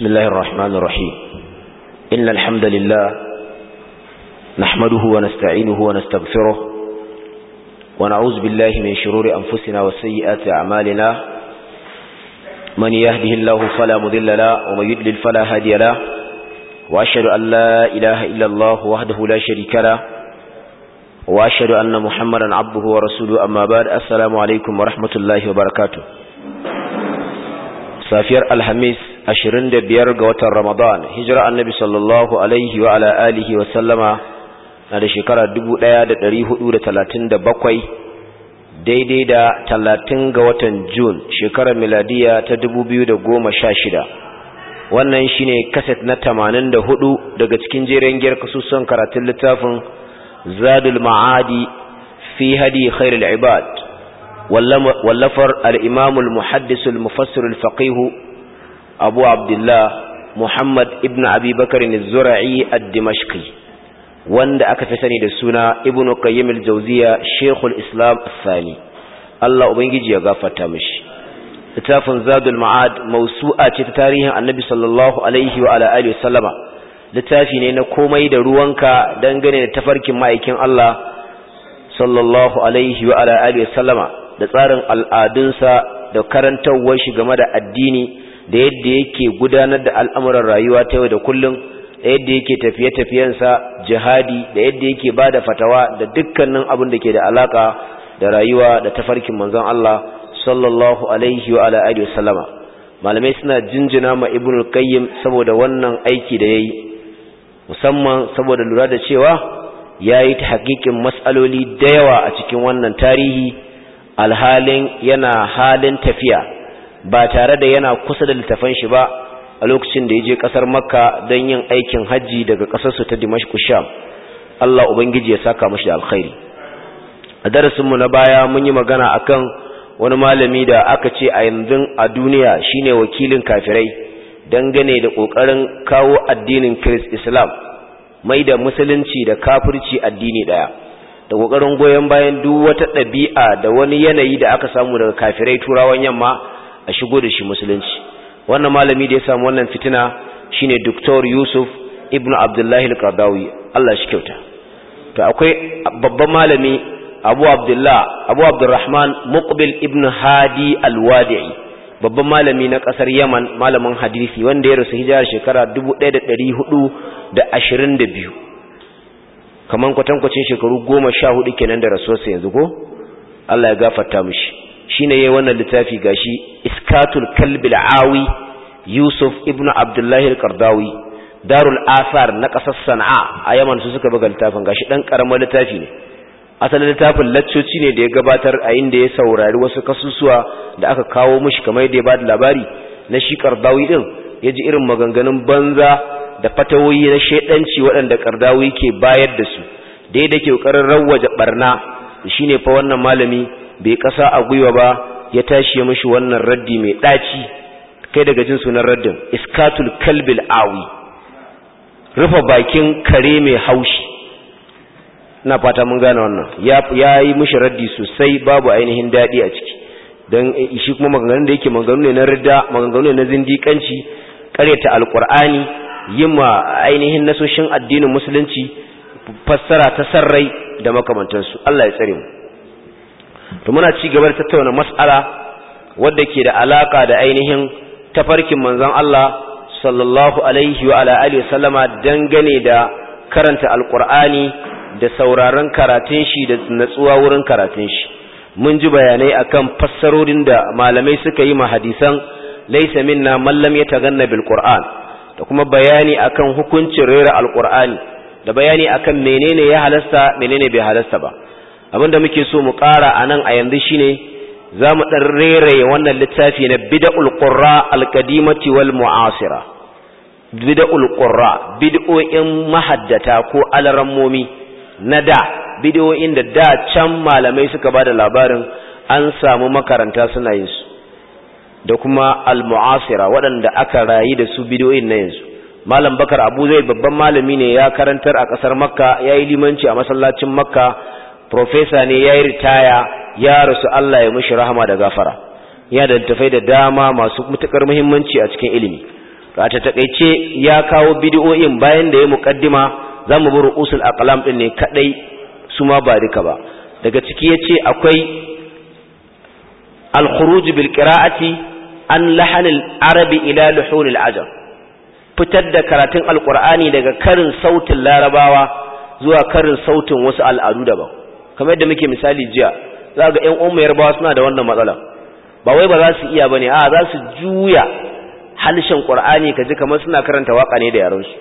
بسم الله الرحمن الرحيم إن الحمد لله نحمده ونستعينه ونستغفره ونعوذ بالله من شرور أنفسنا وسيئات أعمالنا من يهده الله فلا مضل لا ومن يدلل فلا هادي لا وأشهد أن لا إله إلا الله وحده لا شريك لا وأشهد أن محمدا عبده ورسوله أما بعد السلام عليكم ورحمة الله وبركاته سافير الحميس ashirin da biyar ga watan Ramadan hijira annabi sallallahu alaihi wa ala alihi wa sallama na da shekara dubu ɗaya da ɗari hudu da talatin da bakwai daidai da talatin ga watan Jun shekara miladiya ta dubu biyu da goma sha shida wannan shine kaset na tamanin da hudu daga cikin jeren giyar kasusun karatun littafin zadul ma'adi fi hadi khairul ibad wallafar al-imamul muhaddisul mufassirul faqihu abu abdullah muhammad ibn abi bakar zura'i ad-dimashqi wanda aka fi sani da suna ibn qayyim al-jawziya shaykhul islam sani Allah ubangiji ya gafarta mishi littafin zadul ma'ad mawsu'a ce ta tarihin annabi sallallahu alaihi wa ala alihi sallama littafi ne na komai da ruwanka dangane da tafarkin ma'aikin Allah sallallahu alaihi wa ala alihi sallama da tsarin al'adunsa da karantawar shi game da addini da yadda yake gudanar da al'amuran rayuwa ta yau da kullum da yadda yake tafiye-tafiyensa jihadi da yadda yake ba da fatawa da dukkanin abin da ke da alaka da rayuwa da tafarkin manzon Allah sallallahu alaihi wa alihi wasallama malamai suna jinjina ma Ibnu qayyim saboda wannan aiki da yayi musamman saboda lura da cewa yayi ta hakikin mas'aloli da yawa a cikin wannan tarihi alhalin yana halin tafiya ba tare da yana kusa da littafan shi ba a lokacin da ya je ƙasar makka don yin aikin hajji daga ƙasarsu ta dimashku sham allah ubangiji ya saka mashi da alkhairi a darasin mu na baya mun yi magana akan wani malami da aka ce a yanzu a duniya shine wakilin kafirai dangane da ƙoƙarin kawo addinin kirist islam mai da musulunci da kafirci addini ɗaya da ƙoƙarin goyon bayan duk wata ɗabi'a da wani yanayi da aka samu daga kafirai turawan yamma a shigo da shi musulunci wannan malami da ya samu wannan fitina shine Dr. Yusuf ibn Abdullahi al-Qardawi Allah shi kyauta to akwai babban malami Abu Abdullah Abu Abdurrahman Muqbil ibn Hadi al-Wadi'i babban malami na kasar Yaman malamin hadisi wanda ya rasu hijira shekara 1422 kaman kwatankwacin shekaru goma sha hudu kenan da rasuwarsa yanzu ko Allah ya gafarta mishi shine yayin wannan littafi gashi iskatul kalbil awi yusuf ibn abdullahi al-qardawi darul asar na kasar sana'a a yaman su suka buga littafin gashi dan karamar littafi ne asalin littafin laccoci ne da ya gabatar a inda ya saurari wasu kasusuwa da aka kawo mishi kamar da ya bada labari na shi kardawi din yaji irin maganganun banza da fatawoyi na shaidanci waɗanda kardawi ke bayar da su da yake kokarin waje barna shine fa wannan malami bai kasa a gwiwa ba ya tashi ya mishi wannan raddi mai ɗaci kai daga jin sunan raddin iskatul kalbil awi rufe bakin kare mai haushi na fata mun gane wannan ya yi mishi raddi sosai babu ainihin daɗi a ciki don eh, shi kuma maganganun da yake maganganu ne na radda maganganu ne na zindiƙanci ƙaryata alƙur'ani yi ma ainihin nasoshin addinin musulunci fassara ta sarrai da makamantansu Allah ya tsare mu to muna ci gaba da tattauna mas'ala wadda ke da alaka da ainihin tafarkin manzon Allah sallallahu alaihi wa ala alihi sallama dangane da karanta alqur'ani da sauraron karatun shi da natsuwa wurin karatun shi mun ji bayanai akan fassarorin da malamai suka yi ma hadisan laysa minna man lam yataganna bil qur'an da kuma bayani akan hukuncin rera alqur'ani da bayani akan menene ya halasta menene bai halasta ba abinda muke so mu ƙara a nan a yanzu shine za mu ɗan reraye wannan littafi na bida'ul qurra alqadimati wal mu'asira bida'ul qurra bid'o'in mahaddata ko alarammomi na da bid'o'in da da can malamai suka ba da labarin an samu makaranta suna yin su da kuma al mu'asira waɗanda aka rayu da su bid'o'in na yanzu malam bakar abu zai babban malami ne ya karantar a ƙasar makka ya yi limanci a masallacin makka profesa ne ya yi ritaya ya rasu Allah ya mushi rahama da gafara ya da tafai da dama masu mutukar muhimmanci a cikin ilimi a ta takaice ya kawo bidiyoyin bayan da ya mukaddima za mu bi a aqlam din ne kadai su ma ba duka ba daga ciki yace akwai al-khuruj bil qira'ati an lahan arabi ila luhun al fitar da karatun alqur'ani daga karin sautin larabawa zuwa karin sautin wasu al'adu daban kamar yadda muke misali jiya za ga ƴan umma yarbawa suna da wannan matsala ba wai ba za su iya bane a za su juya halshen qur'ani ka ji kamar suna karanta waka ne da yaran su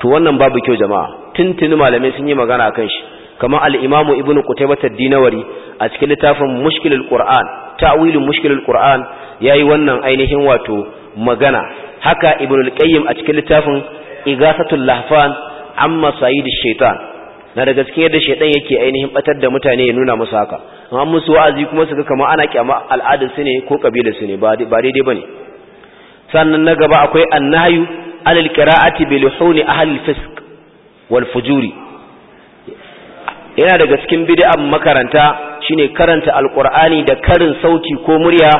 to wannan babu kyau jama'a tuntuni malamai sun yi magana kan shi kamar al ibnu ibn qutaybah dinawari a cikin littafin mushkilul qur'an ta'wilu mushkilul qur'an yayi wannan ainihin wato magana haka ibn al-qayyim a cikin littafin igasatul lahfan amma sayyidish shaitan na da gaske yadda shaidan yake ainihin batar da mutane ya nuna musu haka amma musu wa'azi kuma suka kama ana kyama al'adar su ne ko kabilar su ne ba daidai bane sannan na gaba akwai annahyu alal qira'ati bi a ahli fisk wal fujuri yana daga cikin bid'an makaranta shine karanta alqur'ani da karin sauti ko murya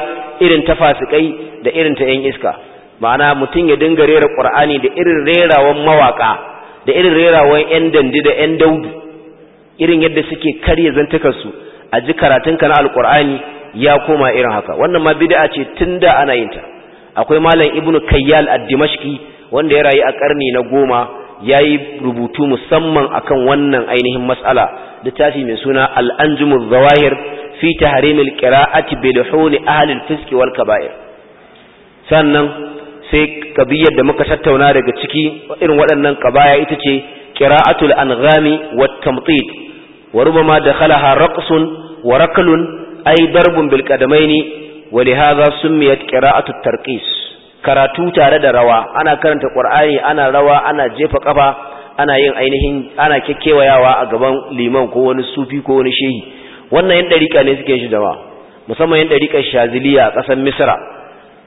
irin ta fasikai da irin ta yan iska ma'ana mutum ya dinga rera kur'ani da irin rerawan mawaka da irin rerawan 'yan dandi da 'yan daudu irin yadda suke karya zantakarsu a ji karatunka na alkur'ani ya koma irin haka wannan ma bid'a ce tun da ana yinta akwai malam ibnu kayyal ad-dimashqi wanda ya rayu a karni na goma yayi rubutu musamman akan wannan ainihin mas'ala littafi mai suna al-anjumuz zawahir fi tahrimil qira'ati bi duhuli ahli al-fisq wal kaba'ir sannan sai kabiyar da muka tattauna daga ciki irin waɗannan kabaya ita ce qira'atul anghami wa tamtid wa rubama dakhalaha raqsun wa raklun ay darbun bil qadamaini hadha summiyat قراءة tarqis karatu tare da rawa ana karanta qur'ani ana rawa ana jefa kafa ana yin ainihin ana kekkewayawa a gaban liman ko wani sufi ko wani shehi wannan yan dariƙa ne suke shi jama'a musamman yan dariƙar shaziliya a ƙasar misra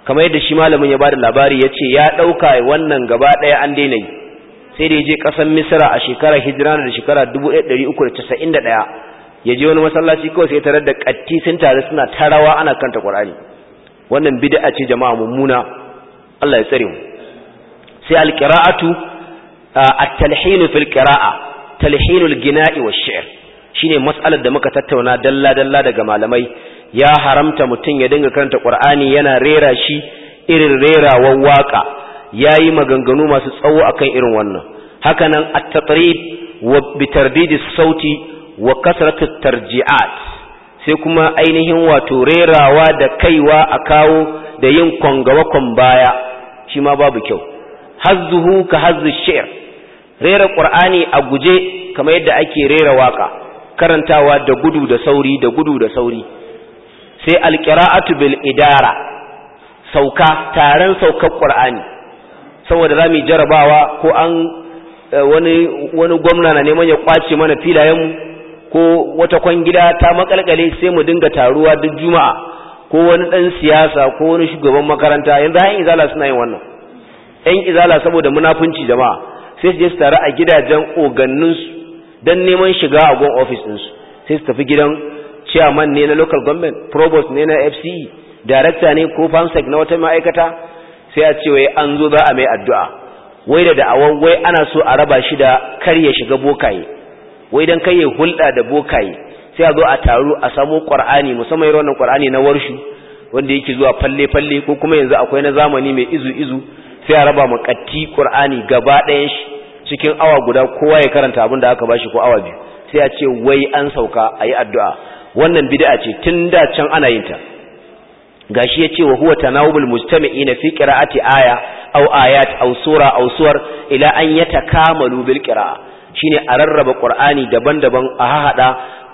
kamar yadda shi malamin ya bada labari ya ce ya ɗauka wannan gaba ɗaya an daina yi sai da ya je ƙasar misira a shekarar hijira da shekara 1391 ya je wani masallaci kawai sai tarar da ƙatti sun tare suna tarawa ana kanta ƙwarari wannan bid'a ce jama'a mummuna Allah ya tsare mu sai alqira'atu at-talhin fil qira'a talhinul gina'i wash-shi'r shine mas'alar da muka tattauna dalla dalla daga malamai ya haramta mutum ya dinga karanta Qur'ani yana rera shi irin rerawan waka yayi maganganu masu tsawo akan irin wannan hakanan at-tatrib wa bitardid sauti wa kasratu tarji'at sai kuma ainihin wato rerawa da kaiwa a kawo da yin kwangawakon baya shi ma babu kyau hazzuhu ka hazzu shi'r rera Qur'ani a guje kamar yadda ake rera waka karantawa da gudu da sauri da gudu da sauri sai alƙira'atu bil idara sauka taron saukar ƙur'ani saboda za mu jarabawa ko an eh, wani wani gwamna na neman ya kwace mana filayenmu ko wata kwangida ta makalkale sai mu dinga taruwa duk juma'a ko wani dan siyasa ko wani shugaban makaranta yanzu hain izala suna yin wannan ɗan izala saboda munafunci jama'a sai su je su taru a gidajen su don neman shiga a gon ofis ɗinsu sai su tafi gidan chairman ne na local government provost ne na fc e, director ne ko fansec na wata ma'aikata sai a ce wai an zo za a mai addu'a wai da da'awar wai ana so a raba shi da kar ya shiga bokaye wai dan kai ya hulɗa da bokaye sai a zo a taru a samo qur'ani musamman irin wannan qur'ani na warshu wanda yake zuwa falle-falle ko kuma yanzu akwai na zamani mai izu-izu sai a raba ma katti qur'ani gaba ɗayan shi cikin awa guda kowa ya karanta abin da aka bashi ko awa biyu sai a ce wai an sauka ayi addu'a wannan bid'a ce tun da can ana yin ta gashi yace wa huwa tanawul mujtami'ina fi qira'ati aya aw ayat aw sura aw suwar ila an yatakamalu bil qira'a shine a rarraba qur'ani daban-daban a hahada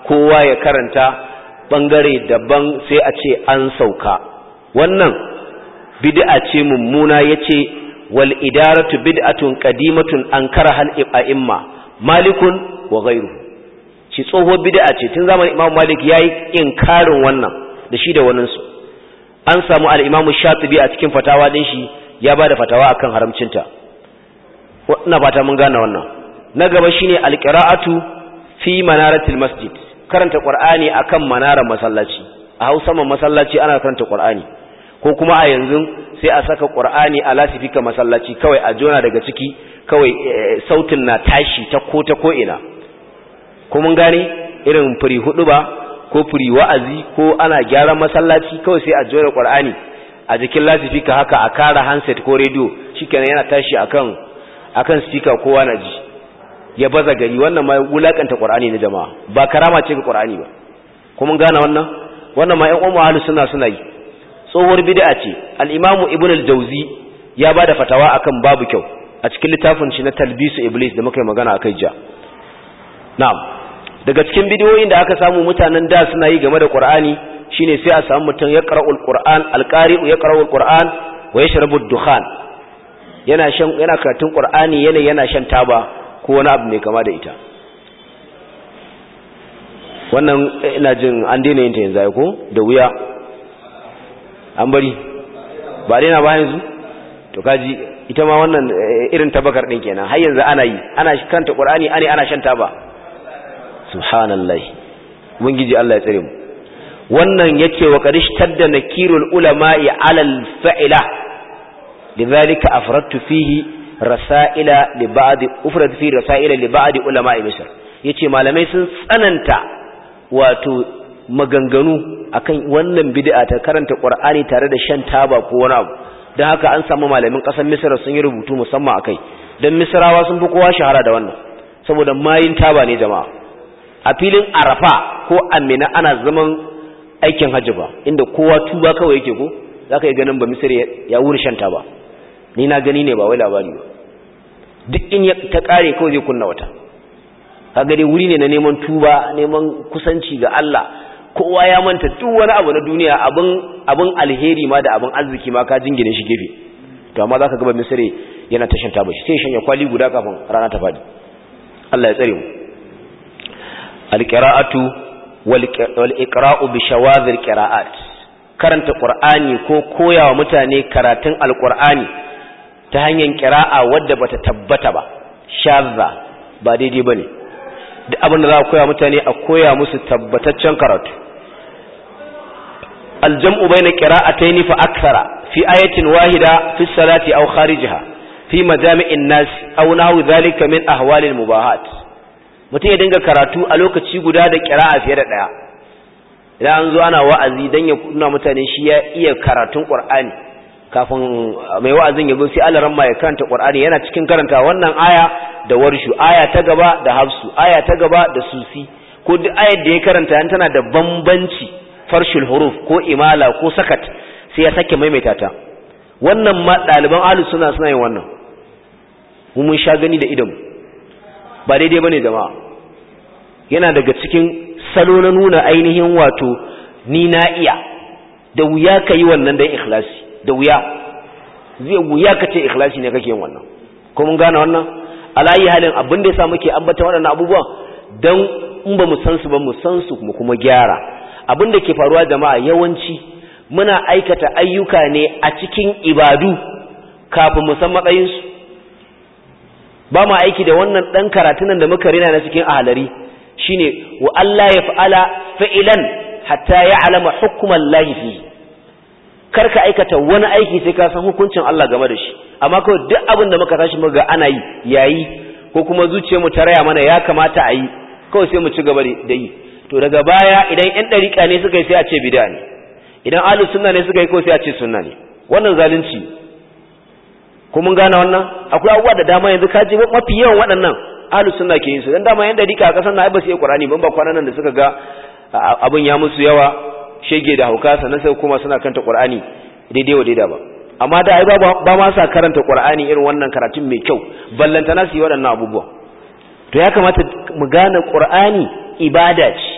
kowa ya karanta bangare daban sai a ce an sauka wannan bid'a ce mummuna yace wal idaratu bid'atun qadimatun ankara hal imma, malikun wa ghayruhu ce tsohuwar bid'a ce tun zamanin Imam Malik yayi inkarin wannan da shi da su an samu al-Imam Shatibi a cikin fatawa din shi ya bada fatawa akan haramcinta ina fata mun gane wannan na gaba shine al-qira'atu fi manaratil masjid karanta Qur'ani akan manarar masallaci a Hausa man masallaci ana karanta Qur'ani ko kuma a yanzu sai a saka Qur'ani a lasifika masallaci kawai a jona daga ciki kawai eh, sautin na tashi ta ko ta ko ina ko mun gane irin firi hudu ba ko firi wa'azi ko ana gyaran masallaci kawai sai a jera qur'ani a jikin ka haka a kara handset ko radio shikenan yana tashi akan akan speaker kowa na ji ya baza gari wannan ma wulakanta qur'ani na jama'a ba karama ce ga qur'ani ba ko mun gane wannan wannan ma ƴan umma ahlus sunna suna yi tsohuwar bid'a ce al-imamu ibnu al-jawzi ya bada fatawa akan babu kyau a cikin littafin shi na talbisu iblis da muka yi magana akai ja na'am daga cikin bidiyoyin da aka samu mutanen da suna yi game da qur'ani shine sai a samu mutum ya qara'ul qur'an alqari'u ya qara'ul qur'an wa yashrabu dukhan yana shan yana karatun qur'ani yana yana shan taba ko wani abu mai kama da ita wannan eh, ina jin an daina yin ta yanzu ko da wuya an bari ba daina ba yanzu to kaji ita ma wannan eh, irin tabakar din kenan har yanzu ana yi ana kanta qur'ani ana ana shan taba subhanallahi giji Allah ya tsare mu wannan yake wa qarishtar da nakirul ulama'i alal fa'ila lidhalika afradtu fihi rasaila li ba'd ufrad fi rasaila li ba'd ulama'i misr yace malamai sun tsananta wato maganganu akan wannan bid'a ta karanta qur'ani tare da shan taba ko wani abu don haka an samu malamin ƙasar misr sun yi rubutu musamman akai kai don misirawa sun fi kowa shahara da wannan saboda mayin taba ne jama'a a filin arafa ko amina ana zaman aikin hajji ba inda kowa tuba kawai yake ko za ka yi ganin ba misir ya wurshanta ba ni na gani ne ba wai labari ba duk in ta kare kawai zai kunna wata kaga dai wuri ne na neman tuba neman kusanci ga Allah kowa ya manta duk wani abu na duniya abin abin alheri ma da abin arziki ma ka jingine shi gefe to amma ka ga ba misir yana tashanta ba shi sai shanya kwali guda kafin rana ta fadi Allah ya tsare mu alƙira'atu wal'iƙira'u bi shawazir ƙira'at karanta ƙur'ani ko wa mutane karatun alƙur'ani ta hanyar ƙira'a wadda bata tabbata ba shazza ba daidai ba ne da abin da za a koya mutane a koya musu tabbataccen karatu aljam'u bai na ƙira'atai ni fa aksara fi ayatin wahida fi salati au kharijiha fi majami'in nasi au nahu zalika min ahwalil mubahat mutum ya dinga karatu a lokaci guda da a fiye da ɗaya idan an zo ana wa'azi dan ya kuna mutane shi ya iya karatun ƙwar'ani kafin mai wa'azin ya zo sai alaran ma ya karanta ƙwar'ani yana cikin karanta wannan aya da warshu aya ta gaba da hafsu aya ta gaba da susi ko duk ayar da ya karanta yan tana da bambanci farshul huruf ko imala ko sakat sai ya sake maimaita ta wannan ma ɗaliban ahlus sunna suna yin wannan mun sha gani da idan ba daidai bane jama'a yana daga cikin salo na nuna ainihin wato ni na iya da wuya ka yi wannan dan ikhlasi da wuya zai wuya ka ce ikhlasi ne kake yin wannan ko mun gane wannan alayi halin abin da yasa muke ambata waɗannan abubuwa dan in ba mu san su ba mu san su mu kuma gyara abin da ke faruwa jama'a yawanci muna aikata ayyuka ne a cikin ibadu kafin mu san matsayinsu ba mu aiki da wannan dan karatun nan da muka rina na cikin ahalari shine wa Allah ya fa'ala fa'ilan hatta alama hukuman lahi fi karka aikata wani aiki sai ka san hukuncin Allah game da shi amma kawai duk abin da muka tashi muga ana yi yayi ko kuma zuciyarmu ta raya mana ya kamata a yi kawai sai mu ci gaba da yi to daga baya idan yan dariƙa ne suka yi sai a ce bid'a ne idan ahlus sunna ne suka yi ko sai a ce sunna ne wannan zalunci ko mun gane wannan akwai abubuwa da dama yanzu kaji mafi yawan waɗannan ahlus sunna ke yin su dan dama yan rika a kasar na ba su yi qur'ani ban ba kwanan nan da suka ga abin ya musu yawa shege da hauka sannan sai kuma suna kanta qur'ani daidai wa daidai ba amma da ai ba ma sa karanta qur'ani irin wannan karatun mai kyau na su yi waɗannan abubuwa to ya kamata mu gane qur'ani ibada ce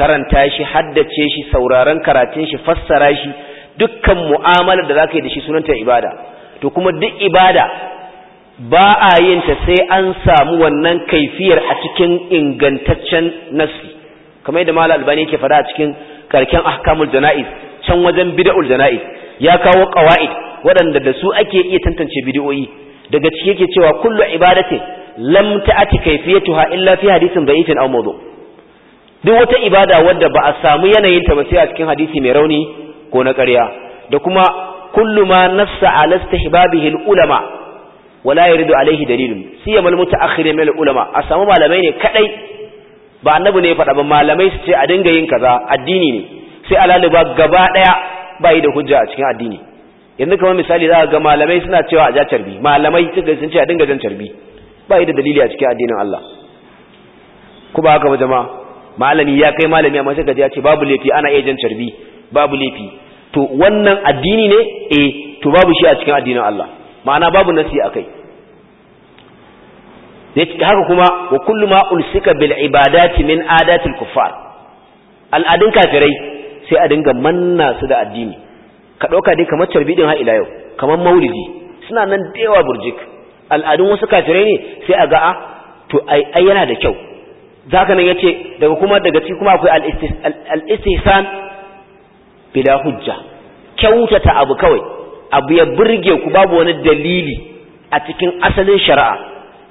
karanta shi haddace shi sauraron karatun shi fassara shi dukkan mu'amalar da ka yi da shi sunanta ibada to kuma duk ibada ba a yin ta sai an samu wannan kaifiyar a cikin ingantaccen nasi kamar yadda malam albani yake fada a cikin karken ahkamul jana'iz can wajen bid'ul jana'iz ya kawo qawaid waɗanda da su ake iya tantance bid'o'i daga ciki yake cewa kullu ibadatin lam ta'ati kayfiyatuha illa fi hadithin da'ifin aw mawdu duk wata ibada wadda ba a samu yanayin ta ba sai a cikin hadisi mai rauni ko na ƙarya da kuma kullu ma nassa ala istihbabihi ulama wala yuridu alaihi dalilun siya al mutaakhirin min al ulama a samu malamai ne kadai ba annabi ne ya faɗa ba malamai su ce a dinga yin kaza addini ne sai alaliba gaba daya yi da hujja a cikin addini yanzu kamar misali za ga malamai suna cewa a ja tarbi malamai sun ce a dinga jan tarbi ba yi da dalili a cikin addinin Allah ku ba haka ba jama'a malami ya kai malami amma sai gaji ya ce babu laifi ana iya jan carbi babu laifi to wannan addini ne eh to babu shi a cikin addinin Allah ma'ana babu nasi akai haka kuma wa kullu ma ulsika bil ibadati min adatil kuffar al'adun kafirai sai a dinga manna su da addini ka dauka dai kamar tarbidin har ila yau kamar maulidi suna nan da burjik al'adun wasu kafirai ne sai a ga a ah, to ai yana da kyau zaka nan yace daga kuma daga ci kuma akwai al-istihsan bila hujja kyautata abu kawai abu ya burge ku babu wani dalili a cikin asalin shari'a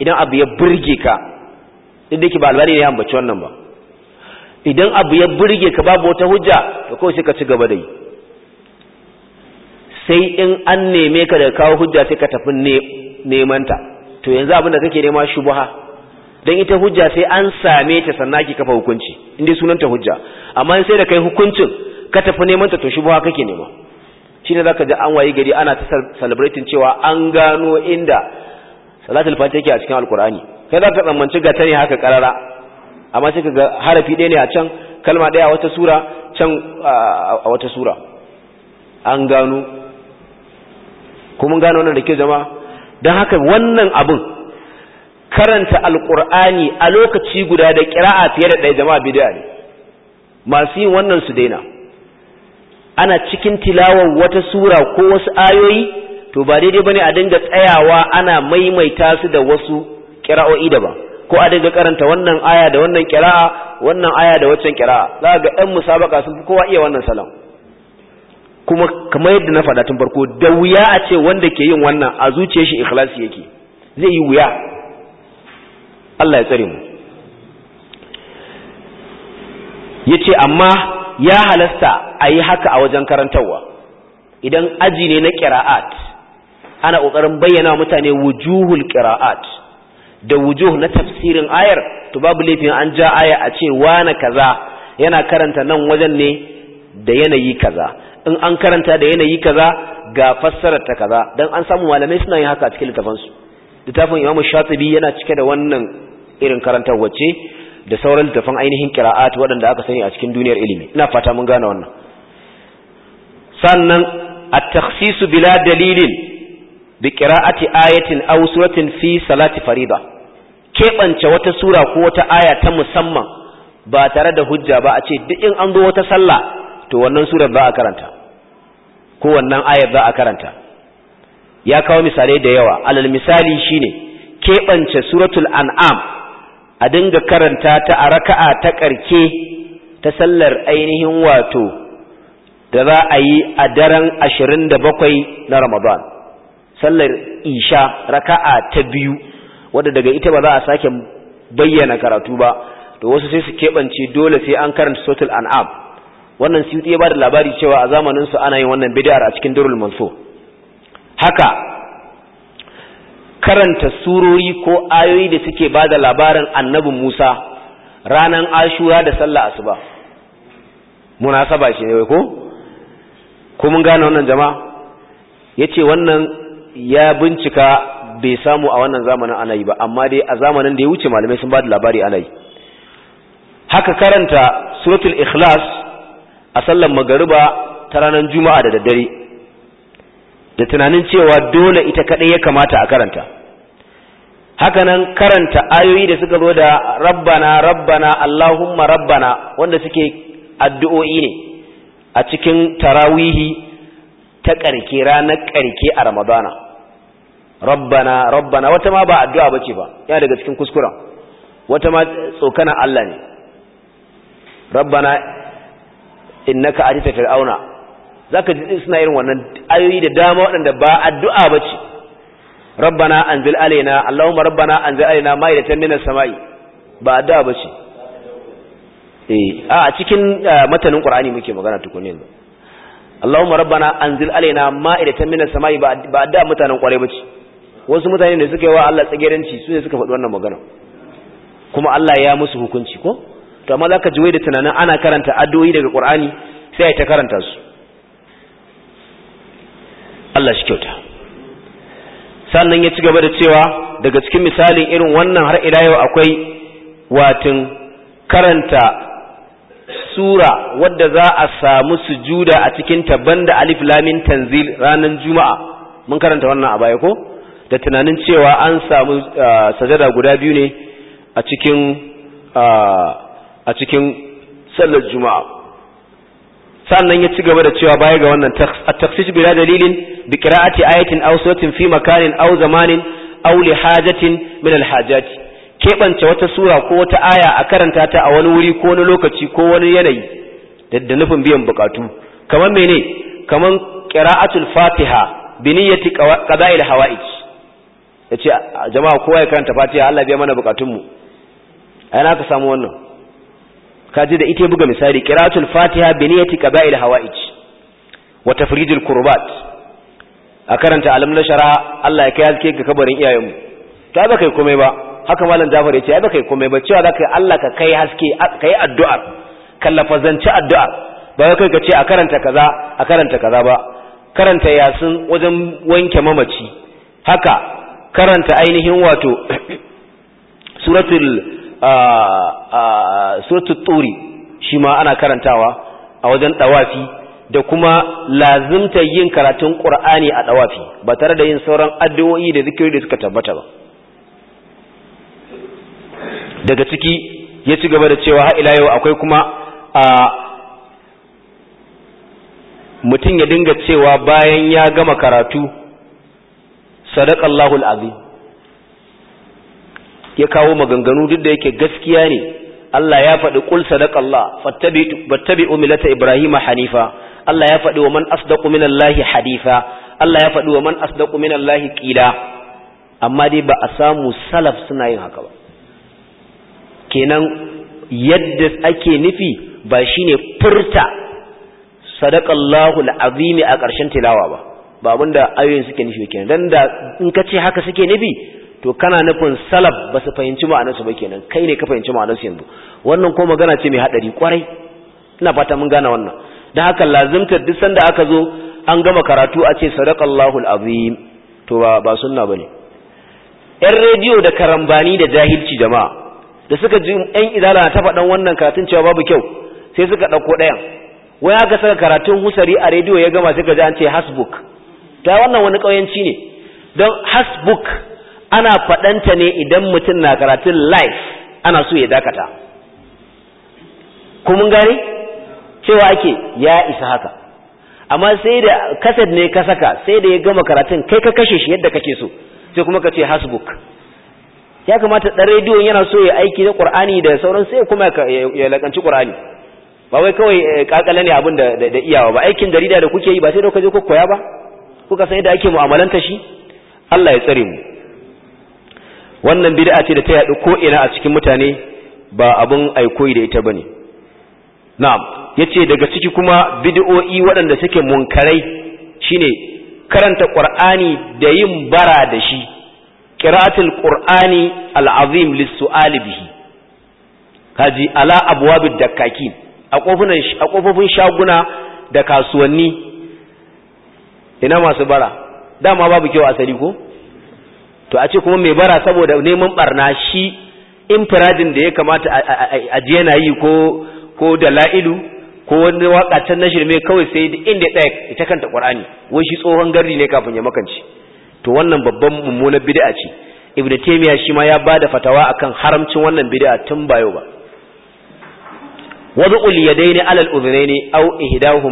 idan abu ya burge ka inda yake ba albani ne ambaci wannan ba idan abu ya burge ka babu wata hujja to kawai sai ka ci gaba da yi sai in an neme ka da kawo hujja sai ka tafi nemanta to yanzu abin da kake nema shubha dan ita hujja sai an same ta sannan ki kafa hukunci inda sunanta hujja amma sai da kai hukuncin ka tafi neman ta to shubha kake nema shine zaka ji an wayi gari ana ta celebrating cewa an gano inda salatul fatiha yake a cikin alqur'ani kai zaka tsammanci ga tare haka karara amma sai kaga harafi ɗaya ne a can kalma ɗaya a wata sura can a wata sura an gano kuma gano wannan da ke zama don haka wannan abin karanta alqur'ani a lokaci guda da qira'a fiye da ɗaya jama'a bid'a ne masu yin wannan su daina ana cikin tilawar wata sura ko wasu ayoyi to ba daidai bane a dinga tsayawa ana maimaita su da wasu kira'o'i ba, ko a dinga karanta wannan aya da wannan kira'a wannan aya da waccan kira'a za ga ɗan musabaka sun fi kowa iya wannan salam kuma kamar yadda na faɗa tun farko da wuya a ce wanda ke yin wannan a zuciyar shi ikhlasi yake zai yi wuya Allah ya tsare mu yace amma ya halasta a yi haka a wajen karantarwa idan aji ne na ƙira'at ana ƙoƙarin bayyana mutane wujuhul ƙira'at da wujuhu na tafsirin ayar to babu laifin an ja aya a ce wane kaza yana karanta nan wajen ne da yanayi kaza in an karanta da yanayi kaza ga fassarar ta kaza don an samu malamai suna yi haka a cikin littafin littafin Imam Shatibi yana cike da wannan irin karantar wacce da sauran tafan ainihin qira'at waɗanda aka sani a cikin duniyar ilimi ina fata mun gane wannan sannan at taksisu bila dalilin bi qira'ati ayatin aw suratin fi salati farida kebance wata sura ko wata aya ta musamman ba tare da hujja ba a ce duk in an zo wata sallah to wannan surar za a karanta ko wannan aya za a karanta ya kawo misalai da yawa alal misali shine keɓance suratul an'am a dinga karanta ta a raka'a ta ƙarke ta sallar ainihin wato da za a yi a daren ashirin da bakwai na ramadan sallar isha raka'a ta biyu wadda daga ita ba za a sake bayyana karatu ba to wasu sai su keɓance dole sai an karanta sotul an'am wannan siyuti ya ba da labari cewa a zamaninsu ana yin wannan bidiyar a cikin durul manso haka karanta surori ko ayoyi da suke ba da labarin annabi Musa ranar ashura da sallah asuba munasaba shi ne ko ko mun gane wannan jama'a yace wannan ya bincika bai samu a wannan zamanin anayi ba amma dai a zamanin da ya wuce malamai sun ba da labari anayi haka karanta suratul ikhlas a sallar magariba ta ranar juma'a da daddare da tunanin cewa dole ita kaɗai ya kamata a karanta hakanan karanta ayoyi da suka zo da rabbana rabbana allahumma rabbana wanda suke addu'o'i ne a cikin tarawihi ta ƙarke ranar ƙarke a ramadana rabbana rabbana wata ma ba addu'a ba ce ba yana daga cikin kuskura wata ma tsokana Allah ne rabbana innaka atita fir'auna Za ka ji suna yin wannan ayoyi da dama waɗanda ba addu'a ce rabbana zil alina allahumma rabbana alina alaina da minas sama'i ba addu'a ba ce. Eh, a cikin eh, matanin qur'ani muke magana tukuni yanzu allahumma rabbana alina alaina da minas sama'i ba addu'a mutanen ƙwarai ba ce. wasu mutane ne suka yi wa Allah tsagiranci su ne suka faɗi wannan magana kuma Allah ya musu hukunci ko to amma ka ji wai da tunanin ana karanta addu'o'i daga qur'ani sai yi ta karanta su Allah shi kyauta sannan ya ci gaba da cewa daga cikin misalin irin wannan har ila yau akwai watin karanta sura wadda za a samu sujuda a cikin tabban da alif lamin tanzil ranar juma'a mun karanta wannan a baya ko da tunanin cewa an samu uh, sajada guda biyu ne a cikin uh, sallar juma'a sannan ya ci gaba da cewa baya ga wannan a takhsis bila dalilin bi qira'ati ayatin aw suratin fi makanin aw zamanin aw li hajatin min al-hajat kebance wata sura ko wata aya a karanta ta a wani wuri ko wani lokaci ko wani yanayi da nufin biyan bukatu kamar mene kamar qira'atul fatiha bi niyyati qada'il hawa'ij yace jama'a kowa ya karanta fatiha Allah biya mana bukatun mu ai na ka samu wannan Ka ji da ita buga misali qira'atul fatiha bi niyyati qaba'il hawaij wa tafrijul kurbat a karanta alim na Allah ya kai haske ga kabarin iyayenmu ta ba kai komai ba haka malam Jafar ya ce ba kai komai ba cewa za Allah ka kai haske kai addu'a kallafa zance addu'a ba kai ka ce a karanta kaza a karanta kaza ba karanta yasin wajen wanke mamaci haka karanta ainihin wato suratul suratul turi shi ma ana karantawa a wajen dawafi da kuma lazimta yin karatun qur'ani a dawafi ba tare da yin sauran addu'o'i da zikiri da suka tabbata ba daga ciki ya ci gaba da cewa har ila yau akwai kuma mutum ya dinga cewa bayan ya gama karatu sadaqallahu alazim ya kawo maganganu duk da yake gaskiya ne Allah ya faɗi qul sadaqallah fattabi'u millata ibrahima hanifa Allah ya faɗi wa man asdaqu minallahi hadifa Allah ya faɗi wa man asdaqu minallahi qila amma dai ba a samu salaf suna yin haka ba kenan yadda ake nufi ba shine furta sadaqallahu alazimi a ƙarshen tilawa ba ba abinda ayoyin suke nufi kenan dan da in ka ce haka suke nufi to kana nufin salaf ba su fahimci ma'anarsu ba kenan kai ne ka fahimci ma'anarsu yanzu wannan ko magana ce mai hadari kwarai ina fata mun gane wannan dan haka lazimta duk sanda aka zo an gama karatu a ce sadaqallahu alazim to ba ba sunna bane yan rediyo da karambani da jahilci jama'a da suka ji yan izala ta faɗan wannan karatun cewa babu kyau sai suka ɗauko ɗayan wai aka saka karatun husari a rediyo ya gama suka ji an ce hasbuk ta wannan wani ƙauyenci ne don hasbuk ana faɗanta ne idan mutum na karatun live ana so ya dakata kuma gari cewa ake ya isa haka amma sai da kasad ne ka saka sai da ya gama karatun kai ka kashe shi yadda kake so sai kuma ka ce hasbuk ya kamata ɗan rediyon yana so ya aiki na ƙur'ani da sauran sai kuma ya lakanci ƙur'ani ba wai kawai eh, ƙaƙala ne abin da iyawa ba aikin jarida da kuke yi ba sai da kuka je ku koya ba kuka san yadda ake mu'amalanta shi Allah ya tsare mu wannan bid'a ce da ta yaɗu ko ina a cikin mutane ba abun aikoi da ita bane na'am yace daga ciki kuma bid'o'i waɗanda suke munkarai shine karanta qur'ani da yin bara da shi qira'atul qur'ani al'azim lis-su'ali bihi kaji ala abwabid dakkaki a kofunan a kofofin shaguna da kasuwanni ina masu bara dama babu kyau asali ko to a ce kuma mai bara saboda neman barna shi infiradin da ya kamata a ji yana yi ko da Lailu ko wani waka can na shirme kawai sai da inda ɗaya ita kanta ƙwarani wai shi tsohon gari ne kafin ya makanci. to wannan babban mummunar bid'a ce ibnu taymiya shi ma ya bada fatawa akan haramcin wannan bid'a tun bayo ba وضع اليدين على الأذنين أو fi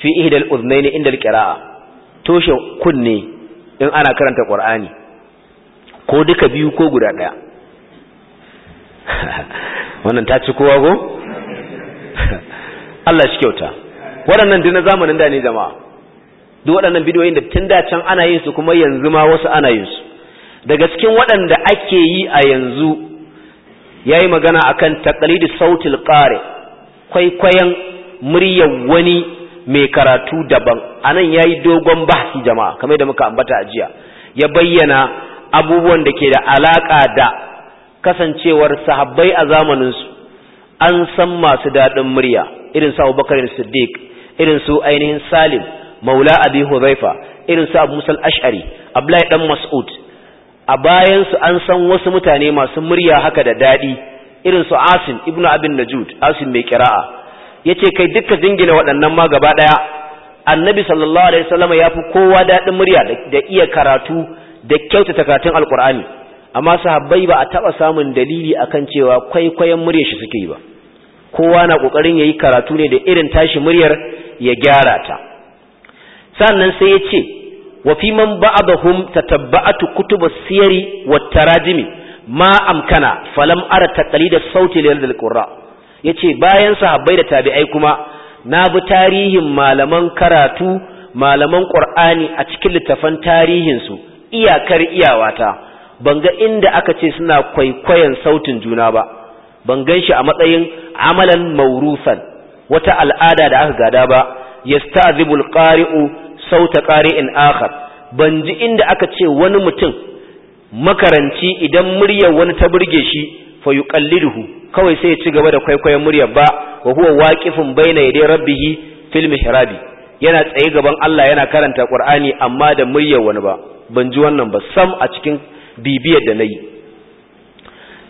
في إهدى ne عند القراءة toshe kunne in ana karanta ƙwar'ani ko duka biyu ko guda ɗaya wannan ta ci kowa ko? Allah shi kyauta waɗannan duna zamanin da ne jama'a duk waɗannan bidiyoyin da tun da can ana yin su kuma yanzu ma wasu ana yin su daga cikin waɗanda ake yi a yanzu ya yi magana a kan taƙalidi sautil ƙare kwaikwayon muryar wani mai karatu daban anan yi dogon bahsi jama'a kamar da muka ambata a jiya ya bayyana abubuwan da ke da alaƙa da kasancewar sahabbai a zamanin su an san masu dadin murya irin su Abubakar Siddiq irin su ainihin Salim Maula Abi Hudhaifa irin su Abu Musal ashari Abdullahi dan Mas'ud a bayan su an san wasu mutane masu murya haka da dadi irin su Asim ibnu Abin Najud Asim mai kira'a yace kai duka jingina waɗannan ma gaba daya annabi sallallahu alaihi wasallam ya kowa daɗin murya da iya karatu da kyautata karatun alqur'ani amma sahabbai ba a taɓa samun dalili akan cewa kwaikwayon murya shi suke yi ba kowa na kokarin yayi karatu ne da irin tashi muryar ya gyara ta sannan sai yace wa fi man ba'dahum tatabba'atu as siyari wat tarajimi ma amkana falam ara taqlida sauti lil qurra Ya ce bayan sahabbai da tabi'ai kuma na bi tarihin malaman karatu malaman qur'ani a cikin littafan tarihin su iyakar iyawata ban ga inda aka ce suna kwaikwayon sautin juna ba ban gan shi a matsayin amalan maurusan wata al'ada da aka gada ba yasta'dhibul qari'u sauta qari'in akhar ban ji inda aka ce wani mutum makaranci idan muryar wani ta burge shi fa duhu kawai sai ya ci gaba da kwaikwayon murya ba wa huwa waqifun baina yadi rabbihi fil mihrabi yana tsaye gaban Allah yana karanta Qur'ani amma da muryar wani ba ban ji wannan ba sam a cikin bibiyar da nayi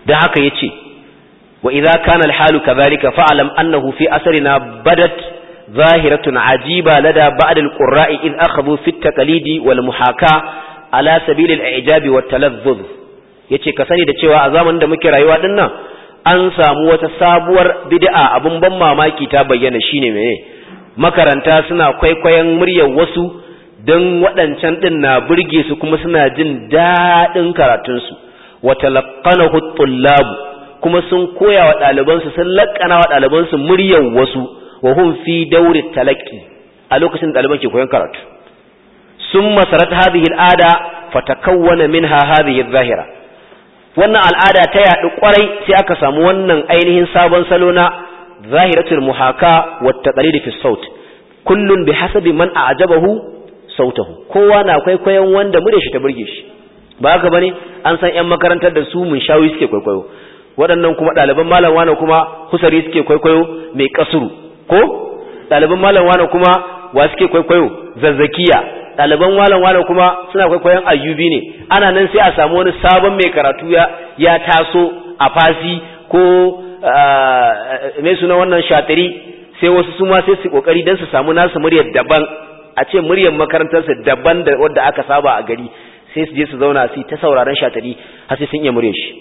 dan haka yace wa idza kana al-halu kadhalika fa'lam annahu fi asrina badat zahiratun ajiba lada ba'd al-qurra'i id akhadhu fi at-taqlidi wal muhaka ala sabil al-i'jab wat talazzuz yace ka sani da cewa a zamanin da muke rayuwa din nan an samu wata sabuwar bid'a abin ban mamaki ta bayyana shine mene makaranta suna kwaikwayon muryar wasu don waɗancan ɗin na burge su kuma suna jin daɗin karatunsu Wata laƙana labu labu kuma sun koya wa ɗalibansu sun laƙana wa ɗalibansu muryar wasu wa hun fi daure a lokacin ɗaliban ke koyon karatu sun masarat hadhihi al'ada fatakawwana min ha adh zahira. wannan al'ada ta yaɗu kwarai sai aka samu wannan ainihin sabon salo na zahiratul muhaka wa taqlid fi saut kullun hasabi man a'jabahu sautahu kowa na kwaikwayon wanda mure shi ta burge shi ba haka bane an san 'yan makarantar da su mun shawi suke kwaikwayo waɗannan kuma ɗaliban malam wani kuma husari suke kwaikwayo mai kasuru ko ɗaliban malam wani kuma wa suke kwaikwayo zazzakiya ɗaliban walan walan kuma suna kwaikwayon ayyubi ne ana nan sai a samu wani sabon mai karatu ya taso a fasi ko mai suna wannan shatari sai wasu su sai su kokari don su samu nasu muryar daban a ce muryar makarantarsa daban da wadda aka saba a gari sai su je su zauna su ta sauraron shatari har sai sun iya muryar shi